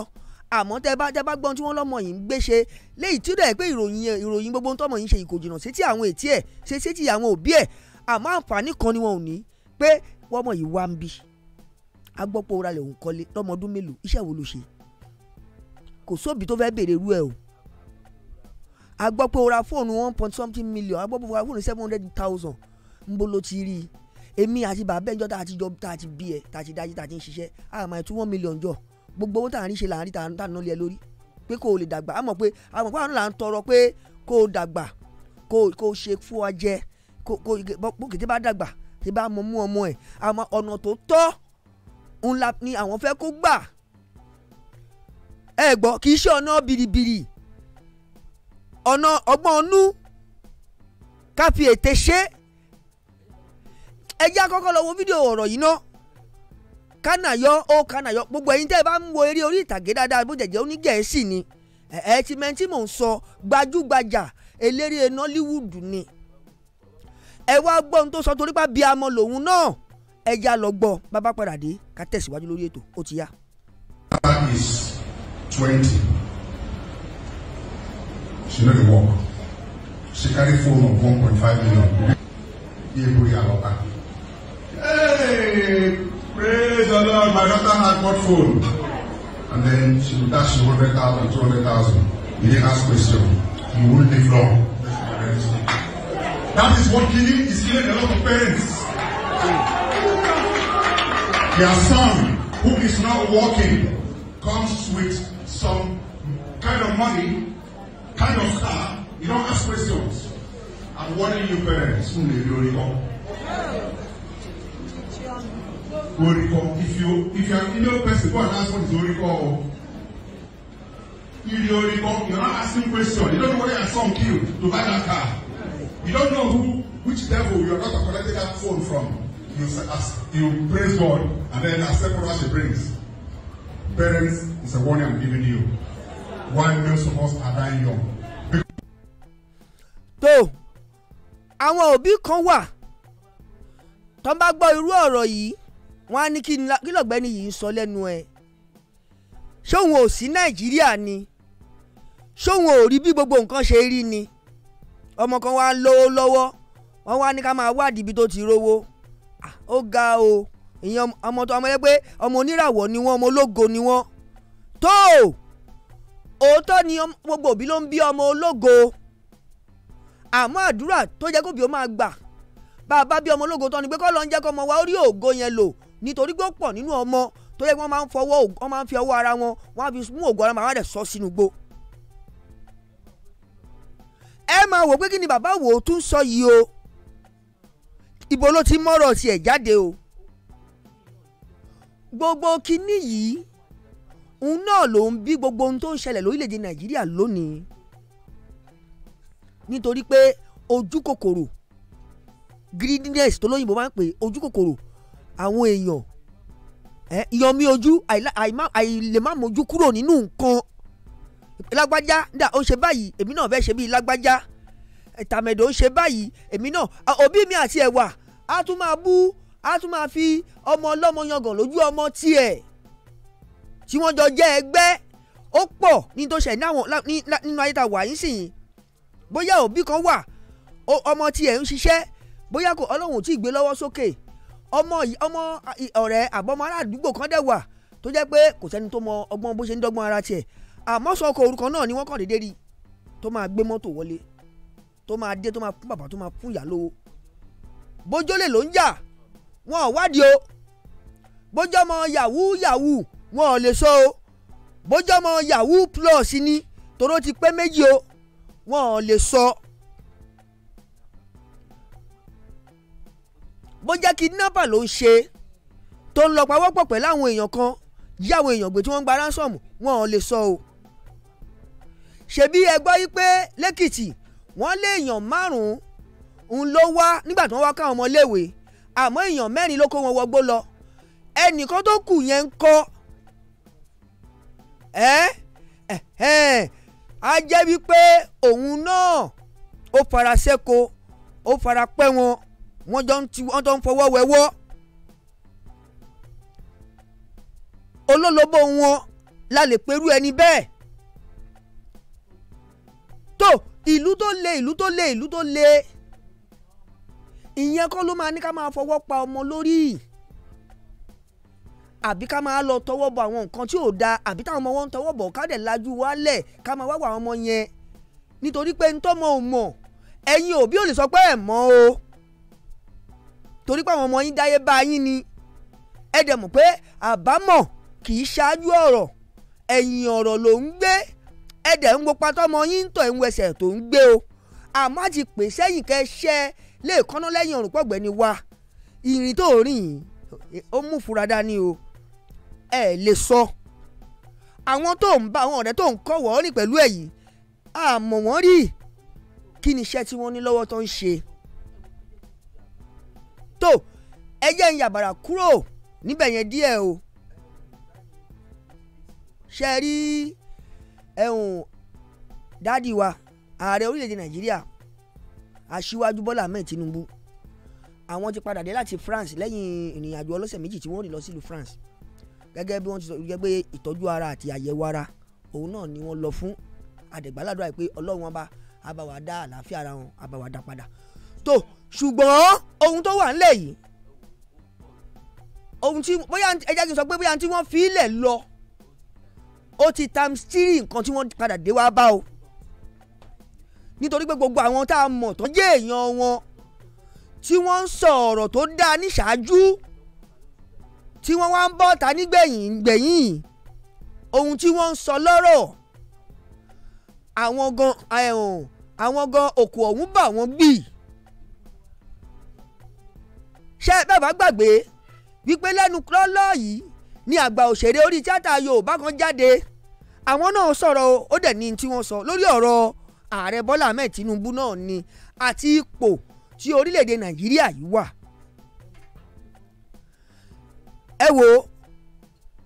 àmọ́ tẹ́ bá tẹ́ bá gbọ́n tí wọ́n lọ́mọ yìí ń gbé ṣe léyìí tí ó dẹ̀ pé ìròyìn ìròyìn gbogbo ń tọ́mọ yìí ṣe ìkò jìnnà sétí àwọn ètí ẹ̀ ṣe sétí àwọn òbí ẹ̀ àmọ́ àǹfààní kan ni wọn ò ní pé wọ́mọ yìí wá ń bí agbọ́pọ̀ òrà lẹ̀ ń kọ́lé lọ́mọ ọdún mélòó iṣẹ́ wo ló ṣe kò sóbi tó fẹ́ béèrè irú ẹ̀ o agbọ́pọ̀ òrà fóònù one point something million agbọ́pọ̀ òrà fóònù seven hundred thousand ń bolo ti rí i èmi àti bàbá ẹ̀jọ́ tá a ti jọ tá a ti bí ẹ̀ tá a ti dájú tá a ti ń ṣiṣẹ́ àmọ́ ẹ̀ tún one million jọ gbogbo owó tá à ń rí ṣe là ń rí tá à ń nálẹ̀ lórí pé kò lè dàgbà á mọ̀ pé àwọn àpá àrùn là ń tọrọ pé kò dàgbà kò ṣe fún ọ jẹ kò kété bá dàgbà tí bá mọ mú ọmọ ẹ̀ àmọ́ ọ̀nà tó tọ́ ni àwọn fẹ́ kó gbà ẹ gbọ́ kì í ṣe ọ̀nà bìrìbìrì ọ̀nà ọgbọ́n ọnú ká fi ète ṣe ẹ jẹ́ àkọ́kọ́ lọ wo fídíò ọ̀rọ̀ yìí náà kánàyọ ó kánàyọ gbogbo ẹ̀yin tẹ́ ẹ bá ń wo eré orí ìtàgé dáadáa bó jẹ̀jẹ̀ ó ní gẹ̀ẹ́sì ni ẹ ti mẹ́ni tí mò ń sọ gbajúgbajà eléré Nollywood ni ẹ wá gbọ́ ohun tó sọ torí pa bí amọ lòun náà ẹ já lọ gbọ́ bàbá padà dé ká tẹ̀síwájú lórí ètò ó ti yá. that is twenty she no dey work she carry phone of one point five million yeye bori aloba. Hey! Praise the Lord, my daughter had bought phone. And then she would dash 100,000, 200,000. He didn't ask questions. He wouldn't live long. That is what killing is killing a lot of parents. Their son, who is not working, comes with some kind of money, kind of car. You don't ask questions. I'm warning you parents. Soon they will come will If you if you are an email person, go and ask what is Oriko. If you recall, you're not asking question You don't know whether your son killed to buy that car. You don't know who which devil you are not collecting that phone from. You ask, you praise God and then accept what she brings. Parents, it's a warning I'm giving you. Why most of us are dying young. tó àwọn òbí kan wà tó bá gbọ́ irú ọ̀rọ̀ yìí wọ́n á ní kí lọ́gbẹ́ni yìí sọ lẹ́nu ẹ̀ ṣé ò sí nàìjíríà ni ṣé òun ò rí bí gbogbo nǹkan ṣe rí ni ọmọ kan wá lówó lọ́wọ́ wọ́n wá ní ká máa wádìí ibi tó ti rówó ó ga o ìyẹn ọmọ tó ọmọ ẹgbẹ́ ọmọ oníràwọ̀ ni wọ́n ọmọ ológo ni wọ́n tó òótọ́ ni gbogbo òbí ló ń bí ọmọ ológo àmọ́ àdúrà tó jẹ́ kóbi ó máa gbà bá bí ọmọ ológo tán ni pé kọ́ ló ń jẹ́ kọ́ ọmọ wa ó rí ògo yẹn lò nítorí pé ó pọ̀ nínú ọmọ tó yẹ kí wọ́n máa ń fọwọ́ wọ́n máa ń fi ọwọ́ ara wọn wọ́n á fi mú ògùn ara wọn á sọ sínú gbó. ẹ máa wò pé kí ni bàbá wò ó tún sọ yìí o ibo ló ti mọ́rọ̀ tiẹ̀ jáde o gbogbo kinní yìí òun náà ló ń bí gbogbo ohun tó ń ṣẹlẹ̀ lórílẹ̀‐èdè nàìjíríà lónìí nítorí pé ojú kòkòrò greediness tó lóyìnbó máa ń pè ojú kòkòrò àwọn èèyàn ẹ yọmí ojú àìlè má mójú kúrò nínú nǹkan lágbájá dà ó ṣe báyìí èmi náà fẹ́ ṣe bíi lágbájá tàmẹ̀dò ó ṣe báyìí èmi náà òbí mi àti ẹ̀wà á tún máa bú á tún máa fi ọmọ ọlọ́mọ yangàn lójú ọmọ tiẹ̀ tí wọ́n jọ jẹ́ ẹgbẹ́ ó pọ̀ ní tó ṣẹ̀ nínú ayé ta wà yín sì yín bóyá òbí kan wà ọmọ tiẹ̀ ń ṣiṣẹ́ bóyá kò ọlọ́run ò tí ì gbé lọ́wọ́ sókè. So ọmọ ọmọ ọ̀rẹ́ àbọ̀mọ aládùúgbò kan dẹ̀ wà tó jẹ́ pé kò sẹ́ni tó mọ ọgbọ́n bó ṣe ń dọ́gbọ́n ara tiẹ̀ àmọ́ sọ́kọ orúkọ náà ni wọ́n kàn déédéé rí tó máa gbé mọ́tò wọlé tó máa dé tó máa fún bàbá tó máa fún ìyá lówó bójólè ló ń jà wọn ò wádìí o bójọ́mọ yahoo yahoo wọn ò lè sọ o bójọ́mọ yahoo plus ni toró ti pé méjì o wọn ò lè sọ bójá kidnapper ló ń ṣe tó ń lọ pawọ́pọ̀ pẹ̀lú àwọn èèyàn kan yá àwọn èèyàn gbé tí wọ́n ń gba ransom wọn ò lè sọ o ṣebí ẹ gbọ́ yí pé lẹ́kìtì wọ́n lé èèyàn márùn-ún ló wá nígbà tí wọ́n wá káwọn ọmọléèwé àmọ́ èèyàn mẹ́rin ló kó wọn wọgbó lọ ẹnìkan tó kù yẹn ń kọ́ ẹ́ ẹ̀ ẹ́ á jẹ́ wípé òun náà ó fara sẹ́ko ó fara wọn wọ́n jọ ń ti wọ́n jọ ń fọwọ́ wẹwọ́ olólobó wọn la lè perú ẹni bẹ́ẹ̀ tó ìlú tó le ìlú tó le ìlú tó le ìyẹn kọ́ ló máa ní ká máa fọwọ́ pa ọmọ lórí àbí ká máa lọ tọwọ́ bọ àwọn nǹkan tí ò dáa àbí táwọn ọmọ wọn ń tọwọ́ bọ̀ ká dẹ̀ lajú wálẹ̀ ká máa wá wà àwọn ọmọ yẹn nítorí pé ntọ́mọ ò mọ̀ ẹ̀yin òbí ò lè sọ pé ẹ̀ mọ̀ o torí pé àwọn ọmọ yín dáyé bá yín ni ẹ dẹ̀ mọ̀ pé àbámọ̀ kì í ṣáájú ọ̀rọ̀ ẹ̀yìn ọ̀rọ̀ ló ń gbé ẹ dẹ̀ ń gbopá tọmọ yín ń tọ̀ ẹ̀ ń wẹsẹ̀ tó ń gbé o àmọ́ àti pè sẹ́yìn kẹ́ ṣẹ́ lè kọ́ná lẹ́yìn ọ̀rùn pọ̀gbẹ́ ni wa ìrìn tó rìn yìí ó mú fura dání o ẹ lè sọ àwọn tó ń bá àwọn ọ̀rẹ́ tó ń kọ́ wọ́ọ́rìn pẹ̀lú ẹ̀yìn àmọ̀ wọ́n rí kí ni iṣẹ́ tí wọ́n ní lọ́wọ́ tó ń ṣe tó ẹ jẹ́ ń yàbàrà kúrò níbẹ̀ yẹn díẹ̀ o ṣe rí ẹ̀hún dádì wa ààrẹ orílẹ̀-èdè nàìjíríà aṣíwájú bọ́lá ahmed tinubu àwọn ti padà dé láti france lẹ́yìn ìrìn àjò ọlọ́sẹ̀ méjì tí wọ́n rìn lọ sílùú france gẹ́gẹ́ bí wọ́n ti sọ gẹ́gẹ́ pé ìtọ́jú ara àti àyẹ̀wò ara òun náà ni wọ́n lọ fún àdẹ̀gbàládùn àìpé ọlọ́run ọba àbáwá dá àlàáfíà ara wọn àbáwá dá padà tó ṣùgbọ́n ohun tó wà ńlẹ̀ yìí ohun tí bóyá ẹja kì í sọ pé bóyá tí wọ́n fi í lọ ó ti times three nǹkan tí wọ́n padà dé wá bá o nítorí pé gbogbo àwọn tá a mọ̀ tó jẹ́ èèyàn wọn tí wọ́n ń sọ ọ̀rọ̀ tó dáa níṣáájú tí wọ́n wá ń bọ́ ta nígbẹ̀yìn gbẹ̀yìn ohun tí wọ́n ń sọ lọ́rọ̀ àwọn gan àwọn gan òkú ọ̀hún bà wọ́n bíi ṣé bẹ́ẹ̀ bá gbàgbé wípé lẹ́nu lọ́lọ́ yìí ni àgbà òṣèré orí tíátà Yorùbá kan jáde àwọn náà sọ̀rọ̀ ó dẹ̀ ní tí wọ́n sọ lórí ọ̀rọ̀ ààrẹ Bọ́lá Ahmed Tinubu náà ni àti ipò tí orílẹ̀-èdè Nàìjíríà yìí wà. ẹ wo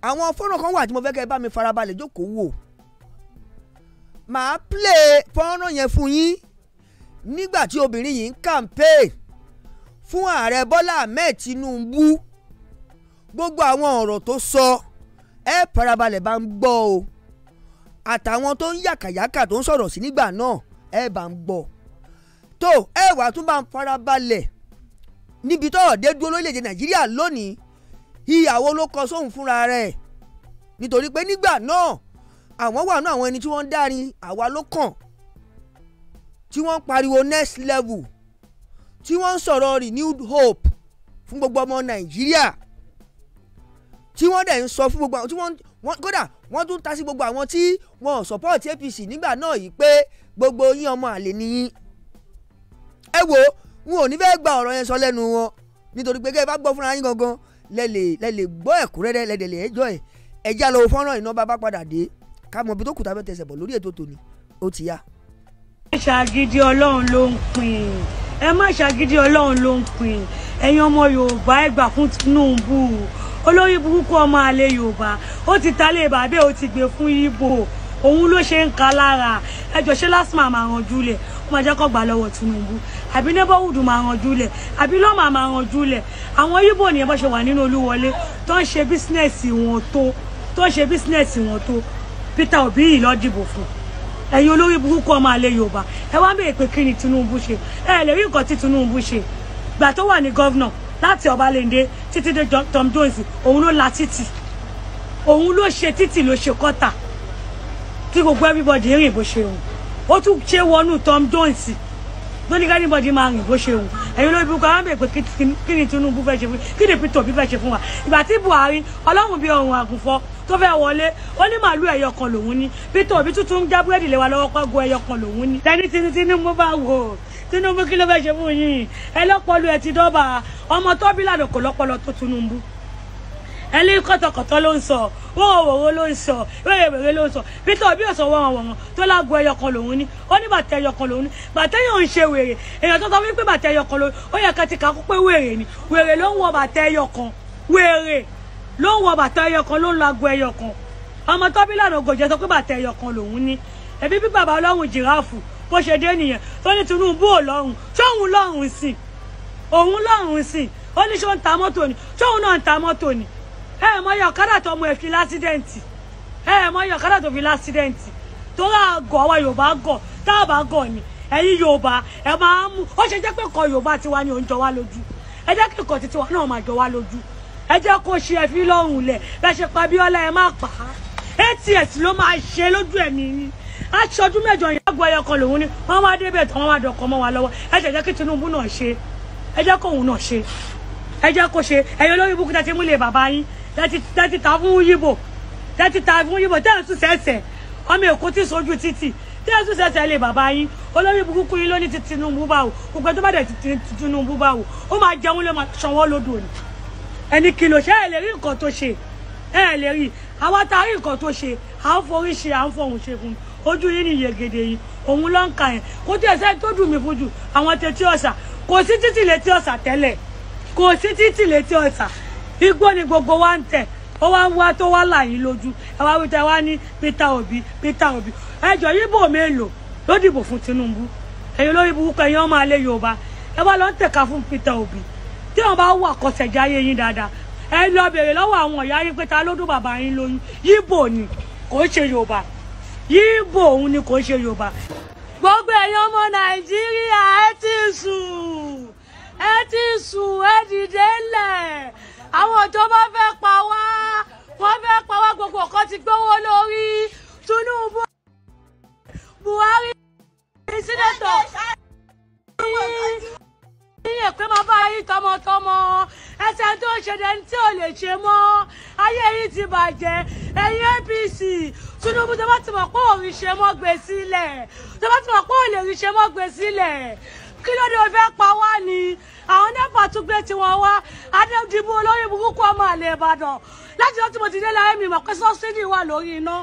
àwọn fọ́nrán kan wà tí mo fẹ́ kẹ́ bá mi farabalẹ̀ jókòó wò màá play fọ́nrán yẹn fún yín nígbà tí obìnrin yìí ń campaign fún ààrẹ Bọ́lá Ahmed Tinubu gbogbo àwọn ọ̀rọ̀ tó sọ ẹ farabalẹ̀ bá ń gbọ́ o àtàwọn tó ń yàkàyàkà tó ń sọ̀rọ̀ sí nígbà náà ẹ bá ń gbọ́ tó ẹ wà tún bá ń farabalẹ̀ níbi tọ́rọ̀ dé dúró lórílẹ̀‐èdè Nàìjíríà lónìí ìyàwó ló kọ sóhun fúnra rẹ̀ nítorí pé nígbà náà àwọn wà náà àwọn ẹni tí wọ́n ń dárin àwa ló kàn tí wọ́n pariwo next level tí wọ́n ń sọ̀rọ̀ renewed hope fún gbogbo ọmọ nàìjíríà tí wọ́n dẹ̀ ń sọ fún gbogbo àwọn tí wọ́n kódà wọ́n tún ta sí gbogbo àwọn tí wọ́n support APC nígbà náà yìí pé gbogbo yín ọmọ àlè nìyín ẹ wo n ò ní fẹ́ gba ọ̀rọ̀ yẹn sọ lẹ́nu wọn nítorí pé kẹ́ ẹ bá gbọ́ fúnra yín gangan lẹ́lẹ̀ lẹ́lẹ̀ gbọ́ ẹ̀kúnrẹ́rẹ́ lẹ́lẹ̀ lẹ́ ẹjọ́ ẹ̀ ẹjẹ́ àlọ́ fọ́nrán iná bá bá padà dé ká mọ̀ bí tó kù tàbí tẹsẹ̀ bọ̀ lórí ètò tòní ó ti yá. ṣàgídí ọlọ́run ló ń pín in ẹ má ṣàgídí ọlọ́run ló ń pin ẹ̀yin ọmọ yorùbá ẹ gbà fún tinubu olórí burúkú ọmọ àlè yorùbá ó ti talé bàbá ó ti gbé fún ibo òun ló ṣe ń ka lára ẹjọ ṣé lásìmọ àmàràn júlẹ ó máa jẹ kó gbà lọ́wọ́ tinubu àbí neighborhood máa ràn júlẹ àbí lọmọ àmàràn júlẹ àwọn ibo nìyẹn bó ṣe wà nínú olúwọlé tó ń ṣe bísínẹsì wọn tó tó ń ṣe bísínẹsì wọn tó peter obi yìí lọ dìbò fún un ẹ̀yin olórí burúkú ọmọ àlè yorùbá ẹ wá bèèrè pé kí ni tinubu ṣe ẹ lè rí nǹkan tí tinubu ṣe gbà tó wà ní gọ́vnà láti ọbalẹ̀ndé títí dé tom jones òun ló la títì òun ló ṣe títì ló ṣe kọ́tà tí gbogbo everybody rìn bó ṣe rùn ó tún ṣe wọnú tom jones tó ní kánibọ̀dì máa rìn bó ṣe wù ẹ̀yin ló ibùkún àwọn bèèrè pé kí ni Tinubu fẹ́ ṣe fún kí ni Peter Obi fẹ́ ṣe fún wa ìgbà tí Buhari ọlọ́run bíi ọ̀run àgùnfọ́ tó fẹ́ wọlé ó ní màálù ẹ̀yọ kan lòun ní Peter Obi tuntun ń já búrẹ́dì lé wa lọ́wọ́ pẹ́go ẹ̀yọ kan lòun ní. tẹni tinu Tinubu bá wò ó Tinubu kí ló fẹ́ ṣe fún yín ẹ lọ́pọ̀lù ẹ ti dọ́ba ọmọ tó bí lànà kò lọ́pọ̀lọ tó Tinubu ẹni kọ̀tọ̀kọ̀tọ̀ ló ń sọ wọ́wọ́wọ́wọ́ ló ń sọ wẹ́rẹ́wẹ́rẹ́ ló ń sọ Peter Obi ò sọ wọ́wọ́wọ́wọ́ tó lágbo ẹyọ kan lòun ní ó ní bàtà ẹyọ kan lòun ní bàtà ẹyọ ń ṣe wèrè èèyàn tó sọ wípé bàtà ẹyọ kan lòun ó yẹ ká ti kà á kó pé wèrè ni wèrè ló ń wọ bàtà ẹyọ kan wèrè ló ń wọ bàtà ẹyọ kan ló ń lágbo ẹyọ kan ọmọ tọ́bí lànà ògòjẹ́ sọ pé bàtà ẹyọ kan lòun ní ẹbí bí bàbá ọlọ́run jìráàfù bó ṣe dé nìyẹn tó ní Tinubu ò lọ́rùn ṣóun lọ́rùn sìn òun lọ́rùn sìn ó ẹ mọ iye ọ̀kadà tó ọmọ ẹ̀ fi lásídẹ̀ǹtì ẹ mọ iye ọ̀kadà tó fi lásídẹ̀ǹtì tó rà gọ̀ àwa yorùbá gọ̀ tá a bá gọ̀ ni ẹ̀yin yorùbá ẹ máa mú ó ṣe jẹ́ pé kọ yorùbá tiwa ni ò ń jọ wá lójú ẹ jẹ́ kí ikọ̀ tiwa náà máa jọ wá lójú ẹ jẹ́ kó ṣe ẹ fi lọ́rùn lẹ̀ bẹ́ẹ̀ ṣe pa Abíọ́lá ẹ má pa á ats ló máa ṣe lójú ẹ̀mí yín aṣọdún mẹ́jọ yẹn àgọ́ ẹyọ kan lòun ni wọ́n wá débẹ̀ tán wọ́n wá dọ̀kọ́ mọ́ wa lọ́wọ́ ẹ jẹ́ jẹ́ kí Tinubu náà ṣe ẹ jẹ́ kóun náà ṣe ẹ jẹ́ kó ṣe ẹ̀yin olórí ibùkún tẹ́tí múlẹ̀ bàbá yín tẹ́tí ta fún yíbò tẹ́tí ta fún yíbò tẹ́ ẹ̀ sùn sẹ́sẹ̀ ọmọ èkó tí sojú títì tẹ́ ẹ̀ sùn sẹ́sẹ̀ lè bàbá yín olórí burúkú yín lónìí ti Tinubu bá wò gbogbo tó bá dẹ̀ ti Tinubu bá wò ó máa jẹun ló máa sanwó lódò ni ẹni kìlò ṣé ẹ lè rí nǹkan tó ṣe ẹ lè rí àwa tá a rí nǹkan tó ṣe à ń forí ṣe à ń fọhùn ṣe fún ojú yín ni yegede yìí òun ló ń ka yẹn kó tí ẹsẹ tó dùn mí fún jù àwọn tètè ọ̀sà kò sí títì létí ọ̀sà tẹ́lẹ̀ kò sí títì létí ọ̀sà igbó ni gbogbo wa ń tẹ̀ ó wá ń wá tó wá là lójú ẹ wá wíta wá ní Peter Obi Peter Obi ẹjọ́ yíbò mélòó ló dìbò fún Tinubu ẹ̀yin olórí burúkú ẹ̀yin ọmọ alẹ́ Yorùbá ẹ wá lọ ń tẹ̀ka fún Peter Obi tí wọn bá wà kọsẹ̀já ayé yín dáadáa ẹ lọ bèrè lọ́wọ́ àwọn ìyá yín pé ta bàbá yín lóyún yíbò ni kò ń ṣe Yorùbá yíbò òun ni kò ń ṣe Yorùbá. gbogbo ẹ̀yin ọmọ Nàìjíríà ẹ ti sùn ẹ ti sùn ẹ dìde lẹ̀ àwọn ìjọba fẹ́ pa wá wọ́n fẹ́ pa wá gbogbo nǹkan ti gbówó lórí Tinubu Buhari sínétọ̀ níyè pé máa bá yín tọmọtọmọ ẹsẹ̀ tó ṣẹlẹ̀ tí ò lè ṣe mọ́ ayé yìí ti bàjẹ́ ẹ̀yin APC Tinubu tó bá ti mọ̀ pé òun ṣe mọ́ gbé sílẹ̀ tó bá ti mọ̀ pé òun lè rí ṣe mọ́ gbé sílẹ̀ kí ló dé o fẹ́ pa wá ni àwọn nẹ́pà tún gbé tiwọn wá adédìbò olórí burúkú ọmọ àlè ìbàdàn láti ọtí mo ti dé láyé mi mọ̀ pé sọ́sídì wà lórí iná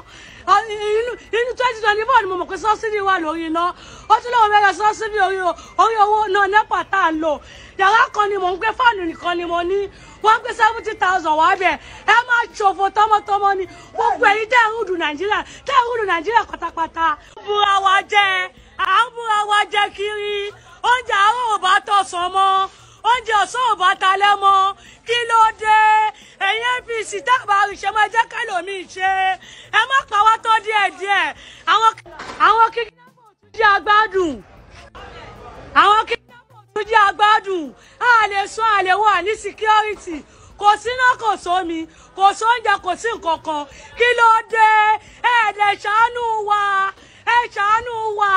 inú twenty twenty four ni mo mọ̀ pé sọ́sídì wà lórí iná ó tún lọ́wọ́ bẹ́ẹ̀ sọ́sídì orí owó náà nẹ́pà tá à lò yàrá kan ni mò ń gbé fáànù nìkan ni mo ní wọ́n gbé seventy thousand wá bẹ̀ ẹ máa ṣòfò tọmọtọmọ ni gbogbo èyí tẹ́ ń rúdù nàìjíríà tẹ́ ń rúdù nàìjíríà pátápátá. à ń jẹ à ń jẹ kiri oúnjẹ àárọ̀ ò bá tọ̀sán mọ́ oúnjẹ ọ̀sán ò bá talẹ́ mọ́ kí ló dé ẹ̀yin apc tábà ìṣe máa jẹ́ kẹlòmí ṣe ẹ má pa wá tọ́ díẹ̀díẹ̀ àwọn kíkínápò tún jẹ́ agbádùn àwọn kíkínápò tún jẹ́ agbádùn a lè sún àlè wà ní security kò síná kò sómi kò sóúnjẹ kò sí nǹkan kan kí ló dé ẹ̀ẹ́dẹ̀ ṣàánú wa ẹ ṣàánú wa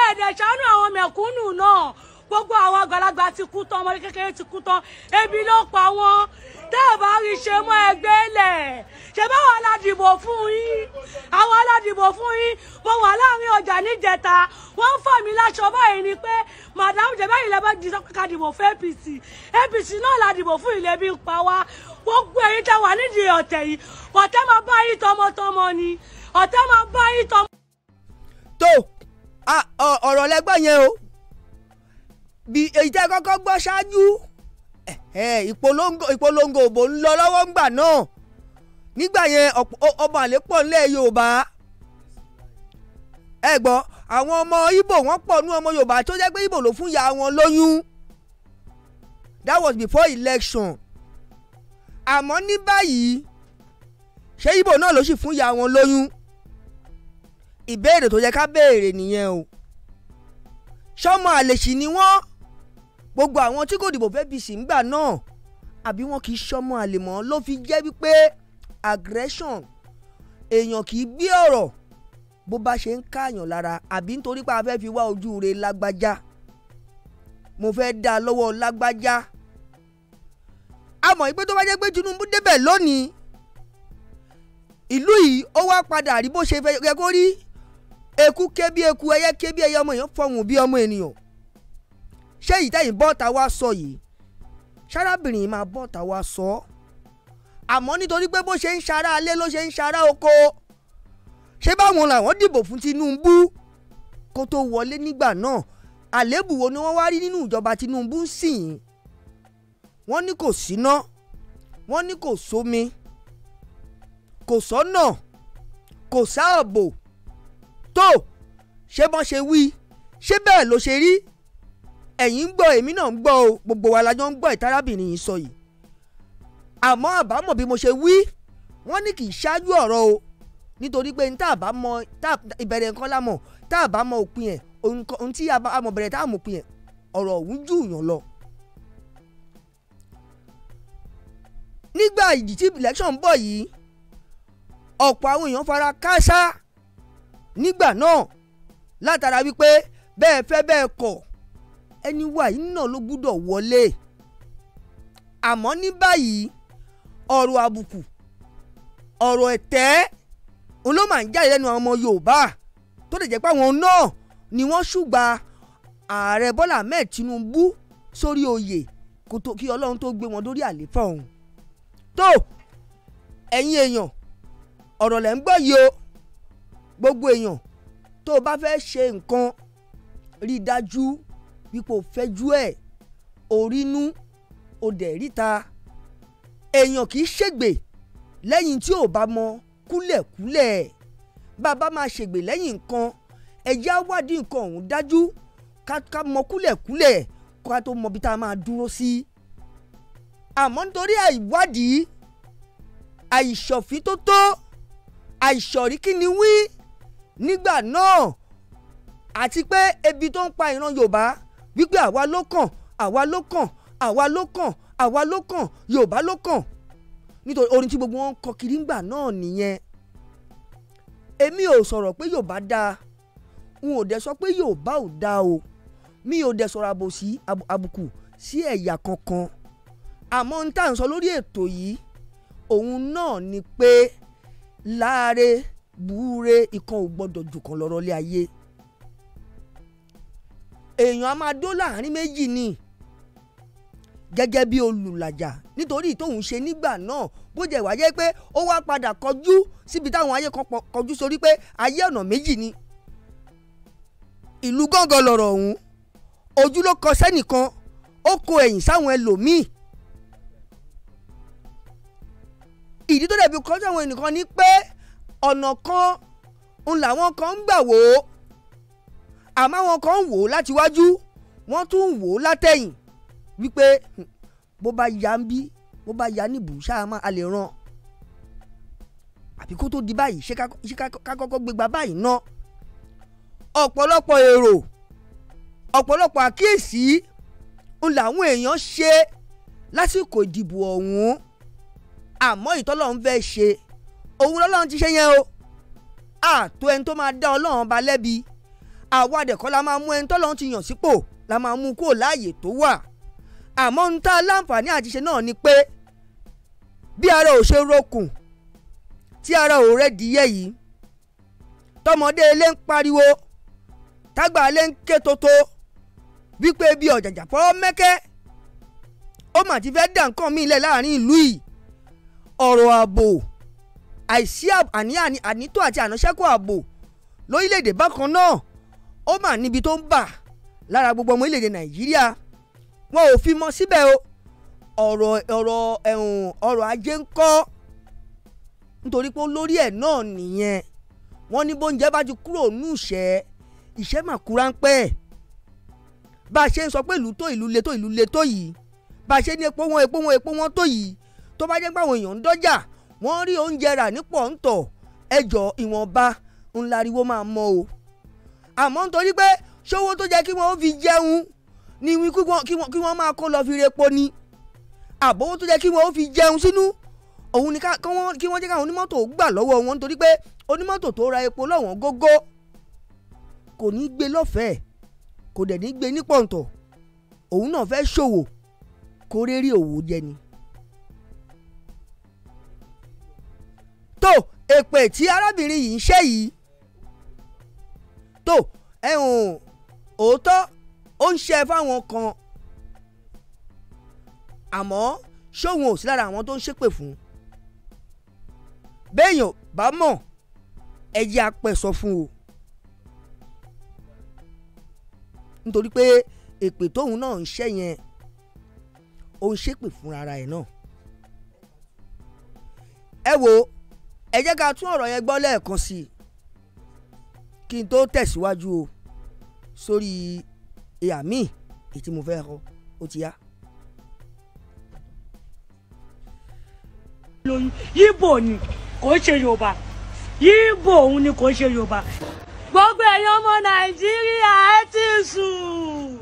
ẹ dẹ̀ ṣàánú àwọn mẹ̀kúnnù náà gbogbo àwọn àgbàlagbà ti kú tán ọmọdé kékeré ti kú tán ebi ló pa wọn tẹ́ ẹ̀ bá rí ṣe mọ́ ẹgbẹ́ lẹ̀ ṣe bá wà ládìbò fún yín àwọn aládìbò fún yín mo wà láàrin ọjà níjẹta wọ́n fà mí láṣọ báyìí ni pé madam jẹ́ báyìí lẹ́bàá di sọ́kàkà dìbò fún APC APC náà ládìbò fún ilé bí ń pa wá gbogbo èyí tẹ́ wà nídìí ọ̀tẹ̀ yìí ọ̀tẹ̀ máa bá yín tọmọtọmọ ni ọ̀tẹ̀ máa bá yín tọmọ tó ọ̀rọ̀ lẹ́gbọ́n yẹn o bí èyí tẹ́ kọ́kọ́ gbọ́ ṣáájú ìpolongo ìpolongo òbò ń lọ lọ́wọ́ ńgbà náà nígbà yẹn ọmọ àlè pọ̀ nílẹ̀ Yorùbá ẹ gbọ́ àwọn ọmọ Ìgbò wọ́n pọ̀ ní ọmọ Yorùbá tó jẹ́ pé Ìgbò ló fún ìyá wọn lóyún that was before election àmọ́ ní báyìí ṣé Ìgbò náà ló sì fún ìyá wọn lóyún ìbéèrè tó yẹ ká béèrè nìyẹn o ṣọmọ àlèṣì ni wọ́n gbogbo àwọn tí kò dìbò fẹ́ bìsì ńgbà náà àbí wọn kì í ṣọmọ àlè mọ́ ló fi jẹ́ wípé aggression èèyàn kì í gbé ọ̀rọ̀ bó bá ṣe ń káàyàn lára àbí nítorí pé a fẹ́ fi wá ojú re lágbájá mo fẹ́ dá a lọ́wọ́ lágbájá a mọ̀ tó bá jẹ́ pé Tinubu débẹ̀ lónìí ìlú yìí ó wá padà rí bó ṣe fẹ́ kó rí eku kebi eku ẹyẹ kebi bí ẹyẹ ọmọ èèyàn fọhùn bí ọmọ ènìyàn ṣé èyí tẹ̀yìn bọ́ọ̀tà wa sọ yìí ṣarábìnrin máa bọ́ọ̀tà wa sọ ọ́ àmọ́ nítorí pé bó ṣe ń ṣara alé ló ṣe ń ṣara oko ṣé báwọn làwọn dìbò fún Tinubu kó tó wọlé nígbà náà àléébù wo ni wọ́n wá rí nínú ìjọba Tinubu ń sìn wọ́n ní kò síná wọ́n ní kò sómi kò sọ́nà kò sáàbò. So tó ṣé bọ́n ṣe wí ṣé bẹ́ẹ̀ ló ṣe rí ẹ̀yin ń gbọ́ èmi náà ń gbọ́ o gbogbo wa la jọ ń gbọ́ ìtarábìnrin yìí sọ yìí àmọ́ àbámọ̀ bí mo ṣe wí wọ́n ní kì í ṣáájú ọ̀rọ̀ o nítorí pé tá a bá mọ ìbẹ̀rẹ̀ nǹkan lámọ̀ tá a bá mọ òpin ẹ̀ ohun tí a mọ̀ bẹ̀rẹ̀ tá a mọ̀ òpin ẹ̀ ọ̀rọ̀ ọ̀hún jù yàn lọ. nígbà ìdí tí election ń bọ̀ yìí ọ̀pọ̀ àwọn èèyàn fara káásá nígbà náà látara wípé bẹ́ẹ̀ fẹ́ bẹ́ẹ̀ kọ̀ ẹni wà yìí náà ló gbúdọ̀ wọlé àmọ́ ní báyìí ọ̀rọ̀ àbùkù ọ̀rọ̀ ẹ̀tẹ́ òun ló máa ń jáde lẹ́nu àwọn ọmọ Yorùbá tó lè jẹ́ pé àwọn náà ni wọ́n ṣùgbà ààrẹ Bọ́lá Ahmed Tinubu sórí oyè kó tó kí Ọlọ́run tó gbé wọn dórí àlééfà ọ̀hún tó ẹ̀yin èèyàn ọ̀rọ̀ lẹ́ ń gbọ́ yìí o gbogbo èèyàn tó o bá fẹ́ ṣe nǹkan rí i dájú wípé o fẹ́jú ẹ̀ orínú o dẹ̀ ríta èèyàn kì í ṣègbè lẹ́yìn tí ò bá mọ kúlẹ̀kúlẹ̀ bàbá máa ṣègbè lẹ́yìn nǹkan ẹ̀já wádìí nǹkan ọ̀hún dájú ká mọ kúlẹ̀kúlẹ̀ ká tó mọ bí tá a máa dúró sí àmọ́ nítorí àìwádìí àìṣọ̀fín tó tó àìṣọ̀rí kí ni wí nígbà náà àti pé ebi tó ń pa ìran Yorùbá wípé àwa ló kàn àwa ló kàn àwa ló kàn àwa ló kàn Yorùbá ló kàn nítorí orin tí gbogbo wọn ń kọ kiri ńgbà náà nìyẹn èmi ò sọ̀rọ̀ pé Yorùbá dáa n ò dẹ̀ sọ pé Yorùbá ò dáa o mi ò dẹ̀ sọ̀rọ̀ àbòsí àbùkù sí ẹ̀yà kankan àmọ́ n tá à ń sọ lórí ètò yìí òun náà ni pé láàárẹ̀ buure ikán ò gbọ́dọ̀ jù kan lọ́rọ́ lé ayé èèyàn a máa dó láàrin méjì ni gẹ́gẹ́ bí olùlàjà nítorí tóun ṣe nígbà náà bó jẹ́ wáyé pé ó wá padà kọjú síbi táwọn ayé kan kọjú sórí pé ayé ọ̀nà méjì ni ìlú gángan lọ̀rọ̀ ọ̀hún ojú ló kọ sẹ́nìkan ó kó ẹ̀yìn sáwọn ẹlòmíì ìdí tó dẹ̀ fi kọjú àwọn ẹnìkan ni pé ọ̀nà kan ń làwọn kan ń gbà wò ó àmọ́ àwọn kan ń wò ó láti wájú wọ́n tún ń wò ó látẹ̀yìn wípé bó bá ya ń bí bó bá ya níbù ṣáà má a lè ràn àbí kó tó di báyìí ṣé ká kọ́kọ́ gbégbá báyìí ná ọ̀pọ̀lọpọ̀ èrò ọ̀pọ̀lọpọ̀ àkíyèsí ń làwọn èèyàn ṣe lásìkò ìdìbò ọ̀hún àmọ́ ìtọ́lọ́run fẹ́ ṣe òun lọ́lọ́run ti ṣe yẹn o àtò ẹni tó máa dá ọlọ́run ba lẹ́bi àwa àdẹ̀kọ́ la máa mú ẹni tọ́lọ́run ti yàn sípò la máa mú kó láàyè tó wà àmọ́ ń tá láǹfààní àtiṣe náà ni pé bí ara ò ṣe rokùn tí ara ò rẹ díyẹ yìí tọmọdé ilé ń pariwo tágbà ilé ń ké toto wípé bí ọ̀jàjà fọwọ́ mẹ́kẹ́ ó mà ti fẹ́ dà nǹkan mi lẹ̀ láàrin ìlú yìí ọ̀rọ̀ ààbò àìsí àní ànító àti ànáṣẹ́kù ààbò lórílẹ̀‐èdè bákan náà ó mà níbi tó ń bà lára gbogbo ọmọ orílẹ̀‐èdè nàìjíríà wọn ò fi mọ síbẹ̀ o ọ̀rọ̀ ọ̀rọ̀ ẹ̀hún ọ̀rọ̀ ajé ń kọ́ nítorí pé lórí ẹ̀ náà nìyẹn wọ́n ní bóúnjẹ bá ti kúrò nù ìṣẹ́ ìṣẹ́ mà kú ráńpẹ́ bá a ṣe ń sọ pé ìlú tó ìlú le tó ìlú le tó yìí bá a ṣe ní epo wọn epo wọn epo wọn tó yìí tó bá jẹ́ pé àwọn èèyàn ń dọ́jà wọ́n rí oúnjẹ rà ní pọ̀ǹtọ̀ ẹjọ́ ìwọ̀nba ńláriwo máa mọ o àmọ́ nítorí pé ṣòwò tó jẹ́ kí wọ́n fi jẹun ni kí wọ́n máa kó lọ fi repo ni àbówó tó jẹ́ kí wọ́n fi jẹun sínú òun ni kí wọ́n jẹ́ káwọn onímọ́tò gbà lọ́wọ́ wọn nítorí pé onímọ́tò tó ra epo lọ́wọ́n gógó kò ní gbé lọ́fẹ̀ẹ́ kò dẹ̀ ní gbé ní pọ̀ǹtọ̀ òun náà fẹ́ ṣòwò kó réré òwò jẹ ni. tó èpè tí arábìnrin yìí ń ṣe yìí tó ẹ̀hún òótọ́ ó ń ṣe fáwọn kan àmọ́ ṣóhun ò sí lára àwọn tó ń ṣépè fún béèyàn bá mọ̀ ẹ̀jẹ̀ apẹ̀sọ fún o nítorí pé èpè tóun náà ń ṣe yẹn ó ń ṣépè fúnra ẹ̀ náà ẹ wo ẹ jẹ́ ká tún ọ̀rọ̀ yẹn gbọ́ lẹ́ẹ̀kan sí i kí n tó tẹ̀síwájú o sórí ìhà míì èyí mo fẹ́ kọ ó ti yá. lóyún ni kò ṣe yorùbá yíbò òun ni kò ṣe yorùbá. gbogbo ẹ̀yin ọmọ nàìjíríà ẹ ti sùn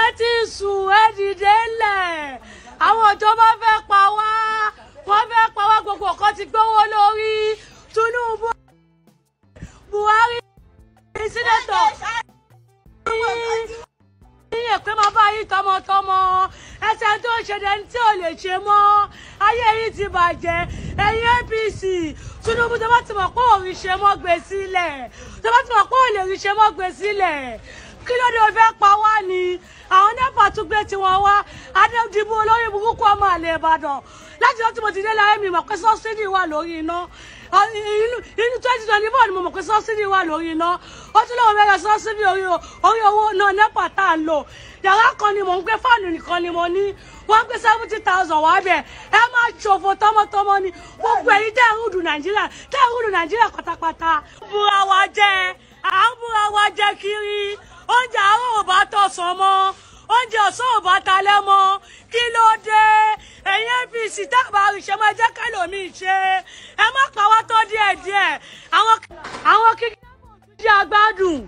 ẹ ti sùn ẹ dìde lẹ̀ àwọn ìjọba fẹ́ pa wá wọ́n fẹ́ pa wá gbogbo nǹkan ti gbówó lórí Tinubu Buhari sínétọ̀ yíyẹ pé máa bá yín tọmọtọmọ ẹsẹ̀ tó ṣẹlẹ̀ tí ò lè ṣe mọ́ ayé yìí ti bàjẹ́ ẹ̀yin APC Tinubu tó bá ti mọ̀ pé òun ṣe mọ́ gbé sílẹ̀ tó bá ti mọ̀ pé òun lè rí ṣe mọ́ gbé sílẹ̀. kí ló dé o fẹ́ pa wá ni àwọn nẹ́pà tún gbé tiwọn wá adébdìbò olórí burúkú ọmọ àlè ìbàdàn láti lọ́ọ́ tí mo ti dé láyé mi mọ̀ pé sọ́sídì wà lórí iná inú twenty twenty four ni mo mọ̀ pé sọ́sídì wà lórí iná ó tún lọ́wọ́ bẹ̀rẹ̀ sọ́sídì orí owó náà nẹ́pà tá à ń lò yàrá kan ni mò ń gbé fáànù nìkan ni mo ní wọ́n gbé seventy thousand wá bẹ̀ ẹ ṣòfò tọmọtọmọ ni gbogbo èyí tẹ́ ń rúdù nàìjíríà tẹ́ ń rúdù nàìjíríà pátápátá. wa oúnjẹ àárọ̀ ò bá tọ̀sán mọ́ oúnjẹ ọ̀sán ò bá talẹ́ mọ́ kí ló dé ẹ̀yin apc tábà ìṣẹ́ máa jẹ́ kẹlòmíì ṣe ẹ má pa wá tó díẹ̀ díẹ̀ àwọn kíkínámọ̀ tún jẹ́ agbádùn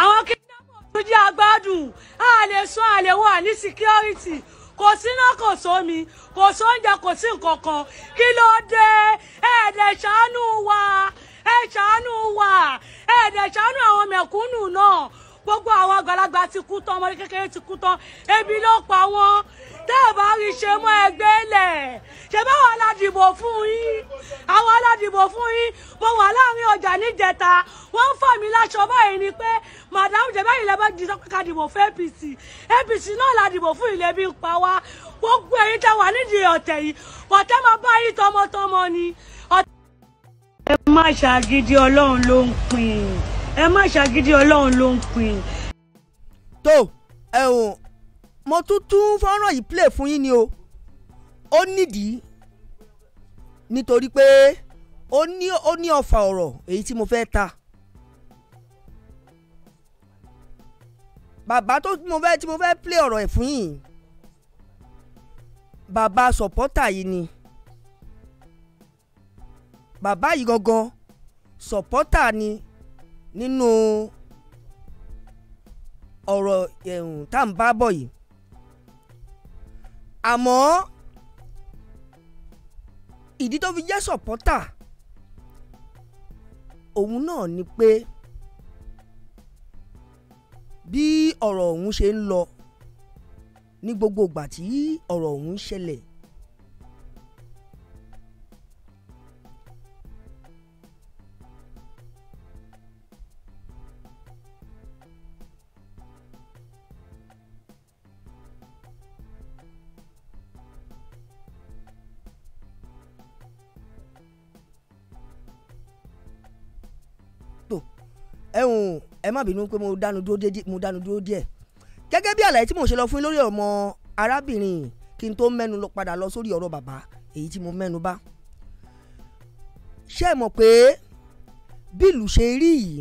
àwọn kíkínámọ̀ tún jẹ́ agbádùn a lè sún àlè wà ní security kò síná kò sómi kò sóúnjẹ kò sí nǹkan kan kí ló dé ẹ̀ẹ́dẹ̀ ṣàánú wa ẹ ṣàánú wa ẹ dẹ̀ ṣàánú àwọn mẹ̀kúnnù náà gbogbo àwọn àgbàlagbà ti kú tán ọmọdé kékeré ti kú tán ebi ló pa wọn tẹ́ ẹ bá rí ṣe mọ́ ẹgbẹ́ lẹ̀ ṣe bá wà ládìbò fún yín àwọn aládìbò fún yín mo wà láàrin ọjà níjẹta wọ́n ń fọ̀ láṣọ báyìí ni pé madam jẹ̀bẹ́ yìí lẹ́bàá di sọ́kà kàdìbò fún APC APC náà ládìbò fún ilé bí ń pa wá gbogbo ẹ̀yin tẹ́ wà nídìí ọ̀tẹ̀ yìí ọ̀tẹ̀ máa bá yín tọmọtọmọ ni ẹ má ṣàgídí ọlọ́run ló ń pín ẹ má ṣàgídí ọlọ́run ló ń pín. tó ẹ ò mo tún tún fọ́nrán yìí play fún yín ni o ó nídìí nítorí pé ó ní ó ní ọfà ọ̀rọ̀ èyí tí mo fẹ́ ta. bàbá tó mo fẹ́ tí mo fẹ́ play ọ̀rọ̀ ẹ̀ fún yín bàbá sọ̀pọ́tà yìí ni bàbá yìí gangan sọ̀pọ́tà ni nínú ọ̀rọ̀ ẹ̀hún ehm, tá à ń bá bọ̀ yìí àmọ́ ìdí tó fi jẹ́ sọ̀pọ́tà òun náà ni pé bí ọ̀rọ̀ ọ̀hún ṣe ń lọ ní gbogbo ìgbà tí ọ̀rọ̀ ọ̀hún ṣẹlẹ̀ ẹ̀hún ẹ má bínú pé mo dánu dúró díẹ̀ gẹ́gẹ́ bí àlàyé tí mò ń ṣe lọ fún lórí ọmọ arábìnrin kí n tó mẹ́nu lọ padà lọ sórí ọ̀rọ̀ bàbá èyí tí mo mẹ́nu bá ṣé ẹ mọ̀ pé bí ìlú ṣe rí yìí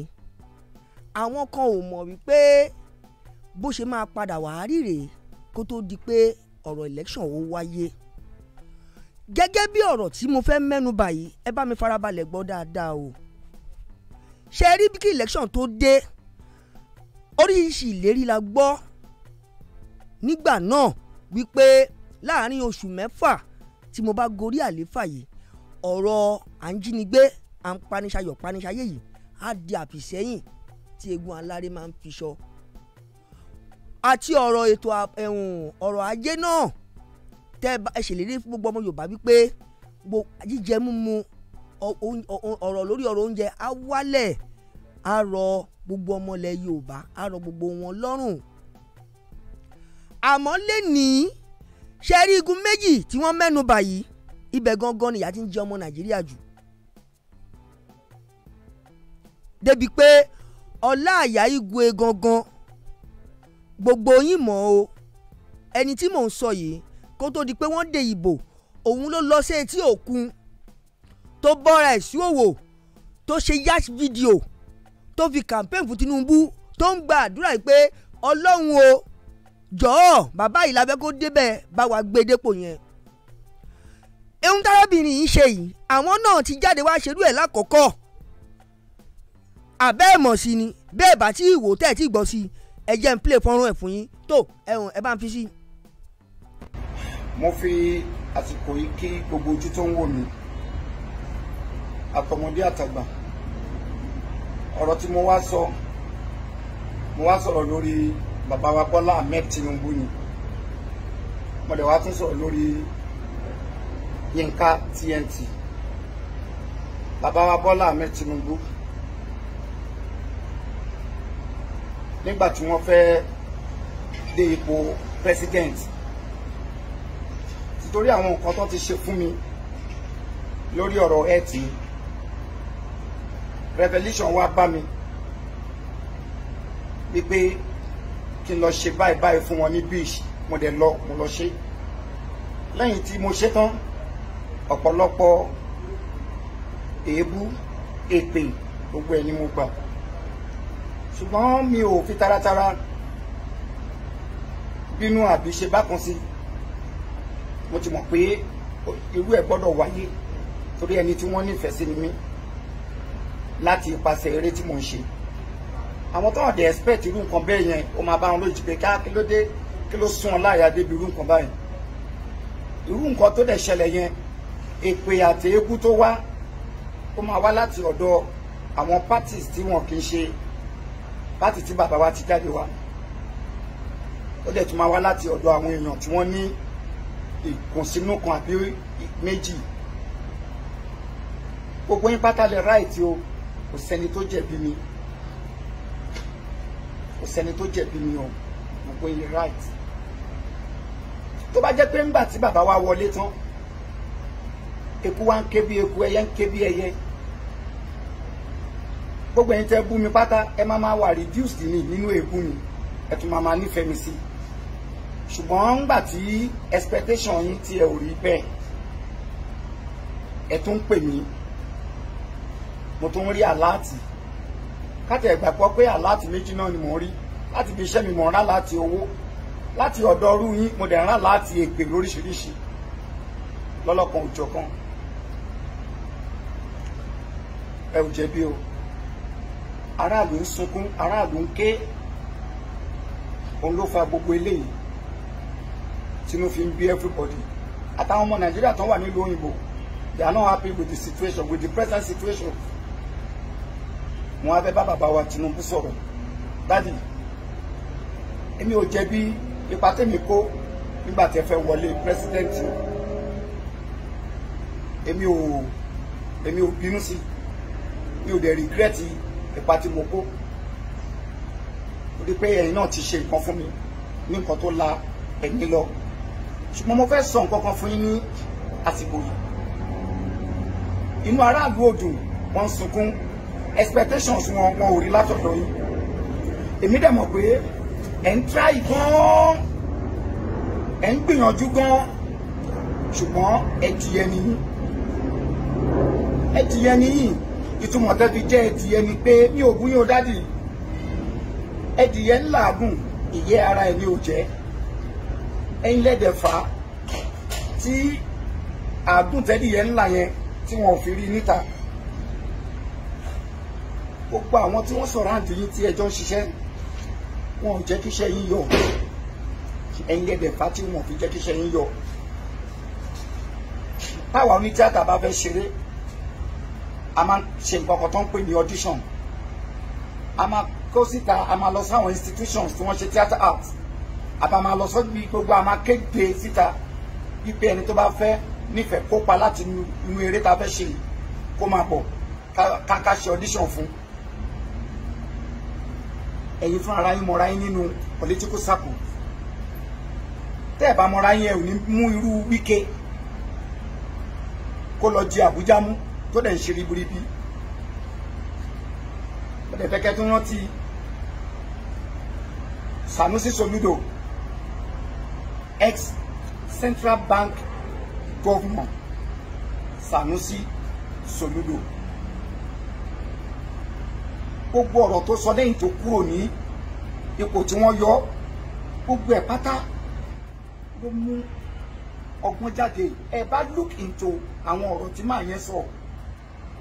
àwọn kan ò mọ̀ wípé bó ṣe máa padà wá ríre kó tó di pé ọ̀rọ̀ election ó wáyé gẹ́gẹ́ bí ọ̀rọ̀ tí mo fẹ́ mẹ́nu báyìí ẹ bá mi farabalẹ̀ gbọ́ dáadáa o. Da, da, ṣe rí bí kí election tó dé oríṣi ìlérí la gbọ́ nígbà náà wípé láàrin oṣù mẹ́fà tí mo bá gorí àléfà yìí ọ̀rọ̀ à ń jínigbé à ń paniṣayọ̀ paniṣayé yìí á di àfìsẹ́yìn tí egun aláré máa ń fi sọ àti ọ̀rọ̀ ètò ọ̀rọ̀ ajé náà tẹ́ ẹ ṣèlérí fún gbogbo ọmọ Yorùbá wípé jíjẹ múmu ọ̀rọ̀ lórí ọ̀rọ̀ oúnjẹ á wálẹ̀ á rọ gbogbo ọmọ ilẹ̀ Yorùbá á rọ gbogbo wọn lọ́rùn àmọ́ lénìí ṣe rí igun méjì tí wọ́n mẹ́nu bà yìí ibẹ̀ gangan nìyà ti ń jẹ ọmọ Nàìjíríà jù débi pé ọlá àyà igwe gangan gbogbo yín mọ̀ o ẹni tí mò ń sọ yìí kó tó di pé wọ́n dé ìbò òun ló lọ sí etí òkun tó bọ́ra ẹ̀ sí òwò tó ṣe yash video tó fi campaign fún Tinubu tó ń gba àdúrà yìí pé ọlọ́run o jọ̀ọ́ bàbá yìí lábẹ́ kó débẹ̀ bá wa gbé dépò yẹn. ehun tárábìnrin yìí ṣe yìí àwọn náà ti jáde wá ṣerú ẹ̀ lákọ̀ọ́kọ́ àbẹ́ ẹ̀mọ̀ sí ni bẹ́ẹ̀ bá tí ìwò tẹ̀ tí gbọ́ sí ẹ jẹ́ n play fọ́nrán ẹ̀ fún yín tó ẹ̀hún ẹ bá ń fi sí. mo fi àsìkò yìí kí gbogbo ojú tó ń wò mí àtọmọdé àtàgbà ọ̀rọ̀ tí mo wá sọ mo wá sọ̀rọ̀ lórí bàbá wa Bọ́lá Ahmed Tinubu ni mo dẹ̀ wá tún sọ̀rọ̀ lórí Yínká TNT bàbá wa Bọ́lá Ahmed Tinubu nígbà tí wọ́n fẹ́ dé ipò president nítorí àwọn nǹkan tó ti ṣe fún mi lórí ọ̀rọ̀ ẹ̀tì yìí revelation wá bá mi wípé kí n lọ ṣe báyìí báyìí fún wọn ní beach mo dẹ̀ lọ mo lọ ṣe lẹ́yìn tí mo ṣe tán ọ̀pọ̀lọpọ̀ èébú èpè gbogbo ẹ̀ ni mo gbà ṣùgbọ́n mi ò fi taratara bínú àbí ṣe bákan sí mo ti mọ̀ pé irú ẹ̀ gbọ́dọ̀ wáyé torí ẹni tí wọ́n nífẹ̀ẹ́ sí ni mí láti ipasẹ̀ eré tí mò ń ṣe àwọn tó hàn dé expect irú nǹkan bẹ́ẹ̀ yẹn ó máa bá wọn lójú pé ká kí ló dé kí ló sún ọ láyà débi irú nǹkan báyìí irú nǹkan tó dẹ̀ ṣẹlẹ̀ yẹn èpè àti eégún tó wá ó máa wá láti ọ̀dọ̀ àwọn parties tí wọn kì í ṣe party tí bàbá wa ti jáde wá ó dẹ̀ tún máa wá láti ọ̀dọ̀ àwọn èèyàn tí wọ́n ní ìkùnsínú kan àbí méjì gbogbo yín pátá lè ráìtì o kò sẹ́ni tó jẹ̀bi mi kò sẹ́ni tó jẹ̀bi mi o mo gbé yín right tó bá jẹ́ pé ńgbà tí bàbá wa wọlé tán eku wa ń ké bí eku ẹyẹ ń ké bí ẹyẹ gbogbo ẹ̀yin tẹ́ bú mi pátá ẹ máa máa wà reduced mi nínú èébú mi ẹ tún máa máa nífẹ̀ẹ́ mi sí ṣùgbọ́n ńgbà tí expectation yín tí ẹ ò rí bẹ́ẹ̀ ẹ tún ń pè mí mo tún ń rí aláàtì kátẹ̀ ìgbàgbọ́ pé aláàtì méjì náà ni mò ń rí láti fi iṣẹ́ mi mò ń rán láti owó láti ọ̀dọ̀ ọrú yín mo dẹ̀ rán láti èpè lóríṣiríṣi lọ́lọ́kan òjọ̀kan ẹ ò jẹ̀bi o aráàlú ń sunkún aráàlú ń ké òun ló fa gbogbo eléyìí tínú fi ń bí everybody àtàwọn ọmọ nàìjíríà tó wà nílùú òyìnbó they are not happy with the situation with the present situation wọn á fẹ́ bá bàbá wa Tinubu sọ̀rọ̀ dádì èmi ò jẹ̀bi ipa tèmi kó nígbà tẹ́ fẹ́ wọlé pírẹsidẹ́ǹtì èmi ò èmi ò bínú sí mi ò dẹ̀ rìgírẹ́tì ipa tí mo kó ó di pé ẹ̀yin náà ti ṣe nǹkan fún mi ní nǹkan tó la ẹ̀yin lọ ṣùgbọ́n mo fẹ́ sọ nǹkan kan fún yín ní àsìkò yìí inú aráàlú ò dùn sunkún expectations wọn wọn ò rí látọ̀dọ̀ yín èmi dẹ̀ mọ̀ pé ẹ̀ ń try gan-an ẹ̀ ń gbìyànjú gan-an ṣùgbọ́n ẹ̀dìyẹ nìyí ẹ̀dìyẹ nìyí ìtumọ̀ tẹ́bi jẹ́ ẹ̀dìyẹ ni pé mi ò gún yín o dádì ẹ̀dìyẹ ń làágùn ìyẹ́ ara ẹ̀ ní ò jẹ́ ẹ̀yin lẹ́dẹ̀ fà á tí àgùntẹ́dìyẹ ńlá yẹn tí wọn ò fi rí níta gbogbo àwọn tí wọ́n sọ̀rọ̀ àǹtí yín tí ẹjọ́ ń ṣiṣẹ́ wọn ò jẹ́ kí iṣẹ́ yín yọ ẹ̀yin ẹ̀dẹ̀fà tí wọn ò fi jẹ́ kí iṣẹ́ yín yọ táwa onítíátà bá fẹ́ ṣeré a máa ṣe nǹkan kan tó ń pè ní audition a máa kó síta a máa lọ sáwọn institutions tí wọ́n ṣe theatre art àbá máa lọ sọ́dún gbogbo a máa kéde síta wípé ẹni tó bá fẹ́ nífẹ̀ẹ́ kópa láti inú eré ta fẹ́ ṣe kó máa bọ̀ ká ṣe audition fún un ẹ̀yin fún ara yín mọ̀ra yín nínú political circle tẹ́ ẹ̀ bá mọ̀ra yín ẹ̀ ò ní mú irú Wike kó lọ jí Àbújá mú tó dẹ̀ ń ṣe ribiribi bẹ́ẹ̀ fẹ́kẹ́ tó rántí Sanusi Soludo ex Central Bank governor Sanusi Soludo gbogbo ọ̀rọ̀ tó sọ lẹ́yìn tó kúrò ní ipò tí wọ́n yọ gbogbo ẹ̀ pátá ló mú ọgbọ́n jáde ẹ bá look into àwọn ọ̀rọ̀ tí màá yẹn sọ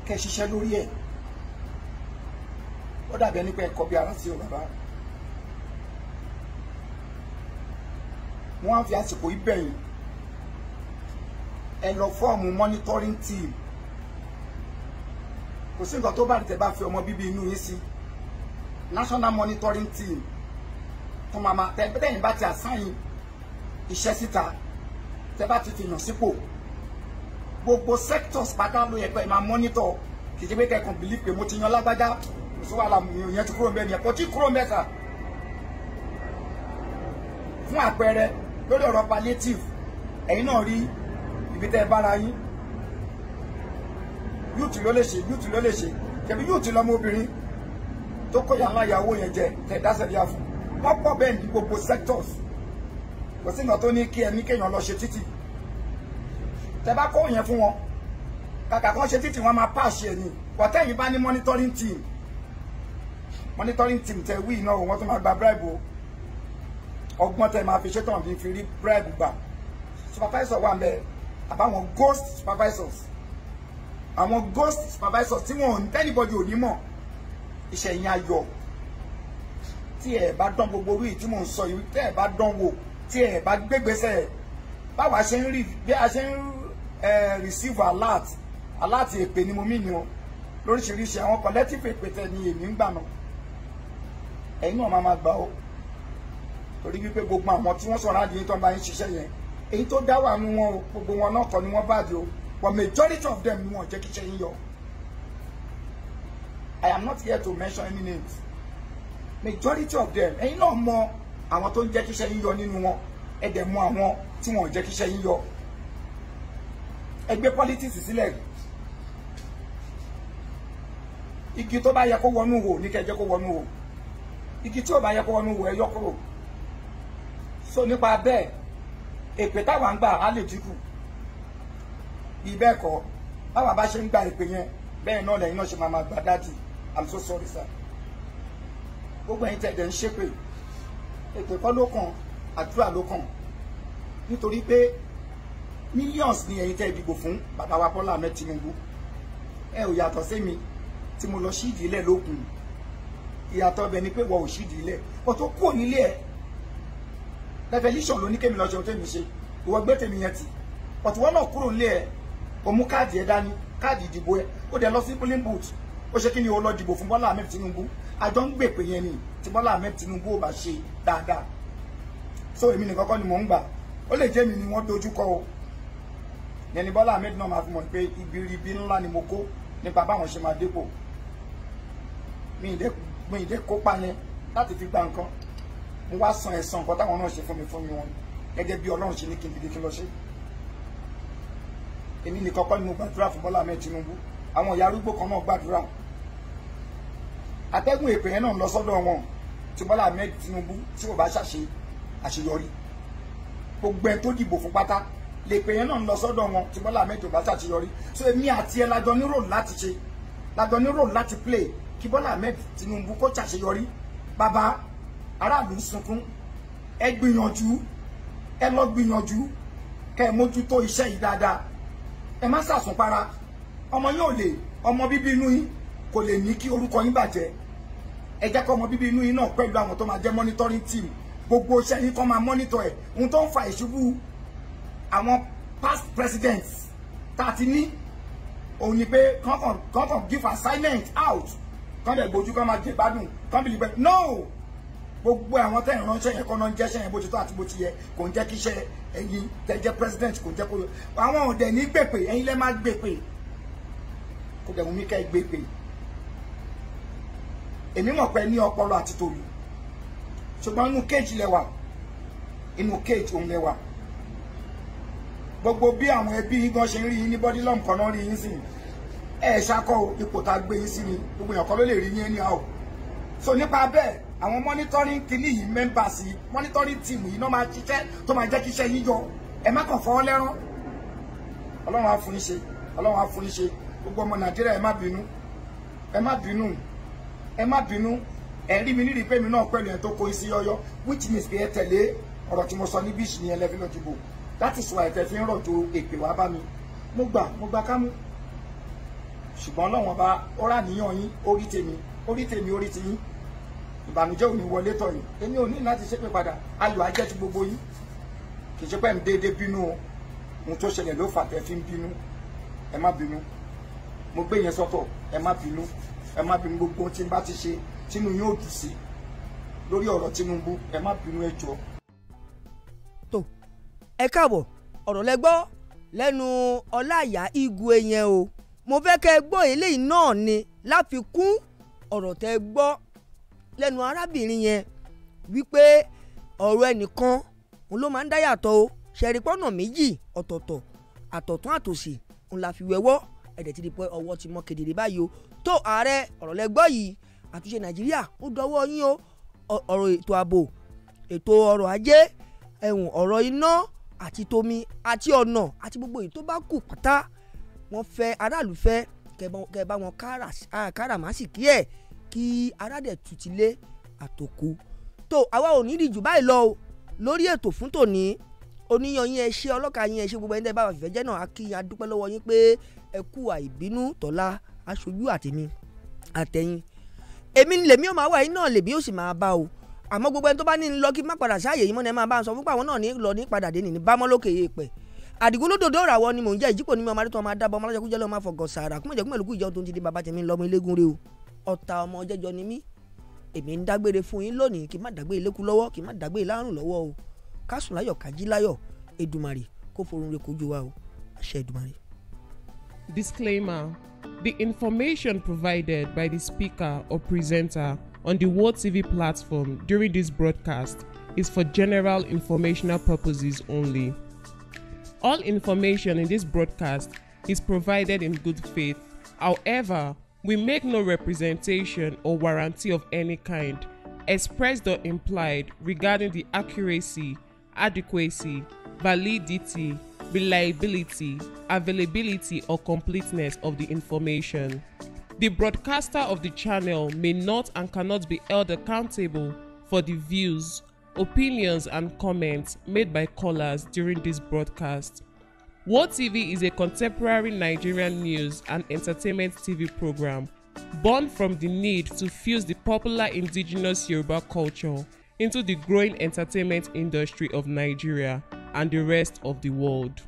kẹ́ ṣiṣẹ́ lórí ẹ̀ ó dàbí ẹni pé ẹ kọ́ bí ara sí o bàbá wọ́n á fi àsìkò ibẹ̀yìn ẹ lọ fọ́ọ̀mù monitoring team kò sí nǹkan tó bá tẹ̀ bá fi ọmọ bíbí inú yín sí national monitoring team fún mama tẹ̀yìn bá ti àsáyìn iṣẹ́ síta tẹ́ bá ti fìyàn sípò gbogbo sectors pátá ló yẹ pé máa monitor kì í ṣe pé kẹ́kàn believe pé mo ti yan lágbájá kò sí wàhálà ìyẹn ti kúrò mẹ́rin ẹ̀kọ́ tí kúrò mẹ́ta fún àpẹẹrẹ lórí ọ̀rọ̀ palliative ẹ̀yin náà rí ibi tẹ́ bára yín yúùtù ló lè ṣe yúùtù ló lè ṣe tẹ̀bí yúùtù lọ́mọ obìnrin tó kó yàrá ìyàwó yẹn jẹ tẹ̀ dáṣẹ́ bí a fún wọ́n pọ̀ bẹ́ẹ̀ ní gbogbo sectors kò sí nǹkan tó ní kí ẹni kéèyàn lọ ṣe títì tẹ bá kó yẹn fún wọn kàkà kan ṣe títì wọn máa pàṣẹ ẹ̀ ní wọ́tẹ́yìn bá ní monitoring team monitoring team tẹ wí iná wọn tó máa gba bribe o ọgbọ́n tẹ máa fi ṣetán fi rí bribe gbà supervisor wà ń bẹ àbáwọn ghost supervisors àwọn ghost supervisors tí wọn ò ní tẹ́nibọ́dì ò ní mọ̀ ìṣẹ̀yìn ayọ̀ tí ẹ̀ bá dán gbogbo orí tí mò ń sọ yìí tẹ́ ẹ̀ bá dán wò tí ẹ̀ bá gbégbèsè báwa ṣe ń rí bí a ṣe ń receive alert alert èpè ni mo mí ni o lóríṣiríṣi àwọn collective èpè tẹ ni èmi ń gbà náà ẹ̀yin náà máa ma gbà ó torí wípé gbogbo àwọn tí wọ́n sọ̀rọ̀ àdìyẹ tó ń bá yín ṣiṣẹ́ yẹn èyí tó dá wà nínú wọn gbogbo wọn náà kọ́ ni wọ́n bàjẹ́ o but majority of them ni wọ́n jẹ́ kí i am not here to mention any names majority of them ẹ̀yin náà mọ àwọn tó ń jẹ́ kí Ṣẹ́yìn yọ nínú wọn ẹ dẹ̀ mọ more tí wọ́n jẹ́ kí Ṣẹ́yìn yọ ẹ gbé politics sílẹ̀ igi tó bá yẹ kó wọnú wò ní kẹjẹ kó wọnú wò igi tí ò bá yẹ kó wọnú wò so nípa bẹ́ẹ̀ èpè táwa ń gbà á lè ibẹ̀ kọ́ báwa bá ṣe ń gba ìpè yẹn bẹ́ẹ̀ náà lẹ́yìn náà ṣe máa máa gbà dáàdì i'm so sorry sir gbogbo ẹ̀yin tẹ̀dẹ̀ ń ṣépè ètò ẹ̀kọ́ ló kàn àdúrà ló kàn nítorí pé millions ni ẹ̀yin tẹ́ ìdìbò fún bàbá wa Bọ́lá Ahmed Tinubu ẹ ò yàtọ̀ sí mi tí mo lọ sídìí ilẹ̀ lókun ìyàtọ̀ ọbẹ̀ ni pé wọ́n ò sídìí ilẹ̀ wọ́n tó kúrò nílé ẹ̀ revolution ló ní kémi lọ́jọ́ tẹ́mi ṣe ìwọ gbé tèmi yẹn tì ọ̀tún wọn náà kúrò nílé ẹ̀ o mú káàdì ẹ dání káàdì ìdìbò ẹ ó dẹ lọ sí polling booth ó ṣe kí ni o lọ dìbò fún Bọ́lá Ahmed Tinubu àjọ ń gbèpè yẹn ni tí Bọ́lá Ahmed Tinubu ò bá ṣe dáadáa so èmi nìkan kọ́ ni mò ń gbà ó lè jẹ́ mi ni wọ́n dojú kọ o yẹni Bọ́lá Ahmed náà máa fi mọ̀ pé ibi ribi ńlá ni mo kó nípa báwọn ṣe máa dépò mi ìdè kópa yẹn láti fi gba nǹkan mo wá san ẹ̀san nǹkan táwọn náà ṣe fún mi fún mi wọn gẹ́gẹ́ bí Ọlọ́run ṣe ní kí n dìde kí n lọ ṣe èmi nìkan kọ́ ni mo gbàdúrà fún Bọ́lá mẹ́ẹ̀ Tinubu àwọn ìyá arúgbó kan náà gbàdúrà atẹ́gùn èpè yẹn náà lọ sọ́dọ̀ wọn tí Bọ́lá mẹ́ẹ̀ Tinubu tí kò bá ṣàṣe àṣeyọrí gbogbo ẹ̀ tó dìbò fún pátá lè pè yẹn náà lọ sọ́dọ̀ wọn tí Bọ́lá mẹ́ẹ̀ tó bá ṣàṣeyọrí so èmi àti ẹ lájọ ní ròl láti ṣe lájọ ní ròl láti play kí Bọ́lá mẹ́ẹ̀ Tinubu kó ṣàṣeyọrí bàbá aráàlú sunkún ẹ gbìyànjú ẹ lọ gbìyànjú kẹ mójútó iṣẹ́ yìí dáadáa ẹ má sàsùn para ọmọ yóò lè ọmọ bíbí inú yín kò lè ní kí orúkọ yín bàjẹ́ ẹ jẹ́ kọ́ ọmọ bíbí inú yín náà pẹ̀lú àwọn tó máa jẹ́ monitoring team gbogbo iṣẹ́ yín kọ́ máa monitor ẹ̀ ohun tó ń fa ìṣubú àwọn past presidents tá a ti ní òun ni pé kọ́kàn kọ́kàn give assignment out kọ́ndẹ̀ gbójú kọ́ máa jẹ gbádùn kọ́ndẹ̀ no gbogbo àwọn tẹ́ ìránṣẹ́ yẹn kọ́nà ń jẹ́ṣẹ́ yẹn bó ti tọ́ àti bó ti yẹ kò ń jẹ́ kí iṣẹ́ ẹ̀yin tẹ́ jẹ́ president kò ń jẹ́ kó yọ àwọn òdẹ ní gbèpè ẹ̀yin lẹ́ máa gbèpè kò dẹ̀ wù mí kẹ́ gbèpè èmi mọ̀ pé ní ọpọlọ àti tòlù ṣùgbọ́n inú kéèjì lẹ́wà inú kéèjì òun lẹ́wà gbogbo bí àwọn ẹbí yín gan ṣe ń rí yín ní bọ́dí lọ́mùkọ́ náà rí yín sí ẹ̀ ṣakọ́ ipò tá a gbé yín sí ni gbogbo èèyàn kan ló lè rí yín ní àwọ̀ àwọn monitoring kìíní yìí members yìí monitoring team yìí náà máa ṣiṣẹ́ tó máa jẹ́ kí iṣẹ́ yín yọ ẹ má kàn fọwọ́ lẹ́rán ọlọ́run á fún yín ṣe ọlọ́run á fún yín ṣe gbogbo ọmọ nàìjíríà ẹ má bínú ẹ má bínú ẹ má bínú ẹ rí mi nírìí pé mi náà pẹ̀lú ẹ tó kó sí yọyọ which means pé ẹ tẹ̀lé ọ̀rọ̀ tí mo sọ ní bíṣì yẹn lẹ́fí lọ́jọ́ bò that is why ẹ fi ń rọ̀jò èpè wá bá mi mo gbà mo gbà kámú ṣùgbọ́n ọlọ́run ọba ó rà níyàn yín orí tèmi orí tèmi orí tiyín ìbànújẹ́ ò ní wọlé tọ̀ yìí èmi ò ní láti ṣépè padà ayọ̀ ajẹ́ ti gbogbo yín kì í ṣe pé ń déédéé bínú o ohun tó ṣẹlẹ̀ ló fà tẹ́ fi ń bínú ẹ má bínú mo gbé yẹn sọ́tọ̀ ẹ má bínú ẹ má bínú gbogbo tí n bá ti ṣe tínú yóò dùn sí lórí ọ̀rọ̀ Tinubu ẹ má bínú ẹ jọ. tó ẹ káàbọ̀ ọ̀rọ̀ lẹ gbọ́ lẹ́nu Ọláìyá Igwe yẹn o mo fẹ́ kẹ́ gbọ́ eléyìí náà ni láfikún ọ̀rọ̀ tẹ́ gbọ́ lẹ́nu arábìnrin yẹn wípé ọ̀rọ̀ ẹnìkan òun ló máa ń dá yàtọ̀ o ṣẹ̀rípọ̀nà méjì ọ̀tọ̀ọ̀tọ̀ àtọ̀tún àtòsì òun la fi wẹ̀wọ́ ẹ̀dẹ̀ ti di pé ọwọ́ ti mọ kedere báyìí o tó ààrẹ ọ̀rọ̀ lẹ́gbọ́ yìí àtúnṣe nàìjíríà ó dọwọ́ yín o ọ̀rọ̀ ètò ààbò ètò ọrọ̀ ajé ẹ̀wọ̀n ọ̀rọ̀ iná àti tomi àti ọ̀nà àti gbogbo èyí tó bá kù pátá wọ́n fẹ́ aráàlú fẹ́ kẹ́ bá wọn káràmásìkí ẹ̀ kí aládẹ̀ tutù lé àtòkù tó àwa ò ní ìdìjú báyìí lọ o lórí ètò fún tòní oníyan yín ẹ ṣé ọlọ́ka yín ẹ ṣé gbogbo ẹni tẹ́ bá wà fìfẹ́ jẹ́ náà akí adúpẹ́ lọ́wọ́ yín pé ẹ kú àìbínú tọ́lá aṣojú àtẹ̀mí àtẹ̀yìn èmi lèmi ò máa wà yín náà lèmi ò sì máa bá o àmọ́ gbogbo ẹni tó bá ní lọ kí má padà sáàyè yìí mọ́ ni ẹ máa bá a sọ fúnpá àwọn náà ní lọ ní padà dé nìní bámọ́ lókè yé pẹ̀ àdìgún lódòdó ọ̀rọ̀ àwọn ni mò ń jẹ́ ìjípò ni mi ọmọ adé tó ọmọ adábọ̀ ọmọ alájọkújẹ́ lọ́ọ́ máa fọ̀gọ̀ sàrà kúmọ̀jẹ̀kúmọ̀ lókù ìjọ tó ń ti di bàbá tèmi lọ́mọ eléégún rè o ọ̀tá ọmọ jẹ́jọ ni mí èmi ń dágbére fún yín lónìí kí n má dágbé ilékú lọ́wọ́ kí n má dágbé láàrùn lọ́wọ́ o ká láyọ̀ ká láyọ̀ Èdùmàrè kó forun re kojú wa o àṣẹ Èdùmàrè. Disclaimer. The information provided by the speaker or presenter on the World TV platform during this broadcast is for general informational purposes only. All information in this broadcast is provided in good faith. However, We make no representation or warranty of any kind, expressed or implied, regarding the accuracy, adequacy, validity, reliability, availability, or completeness of the information. The broadcaster of the channel may not and cannot be held accountable for the views, opinions, and comments made by callers during this broadcast. World TV is a contemporary Nigerian news and entertainment TV program born from the need to fuse the popular indigenous Yoruba culture into the growing entertainment industry of Nigeria and the rest of the world.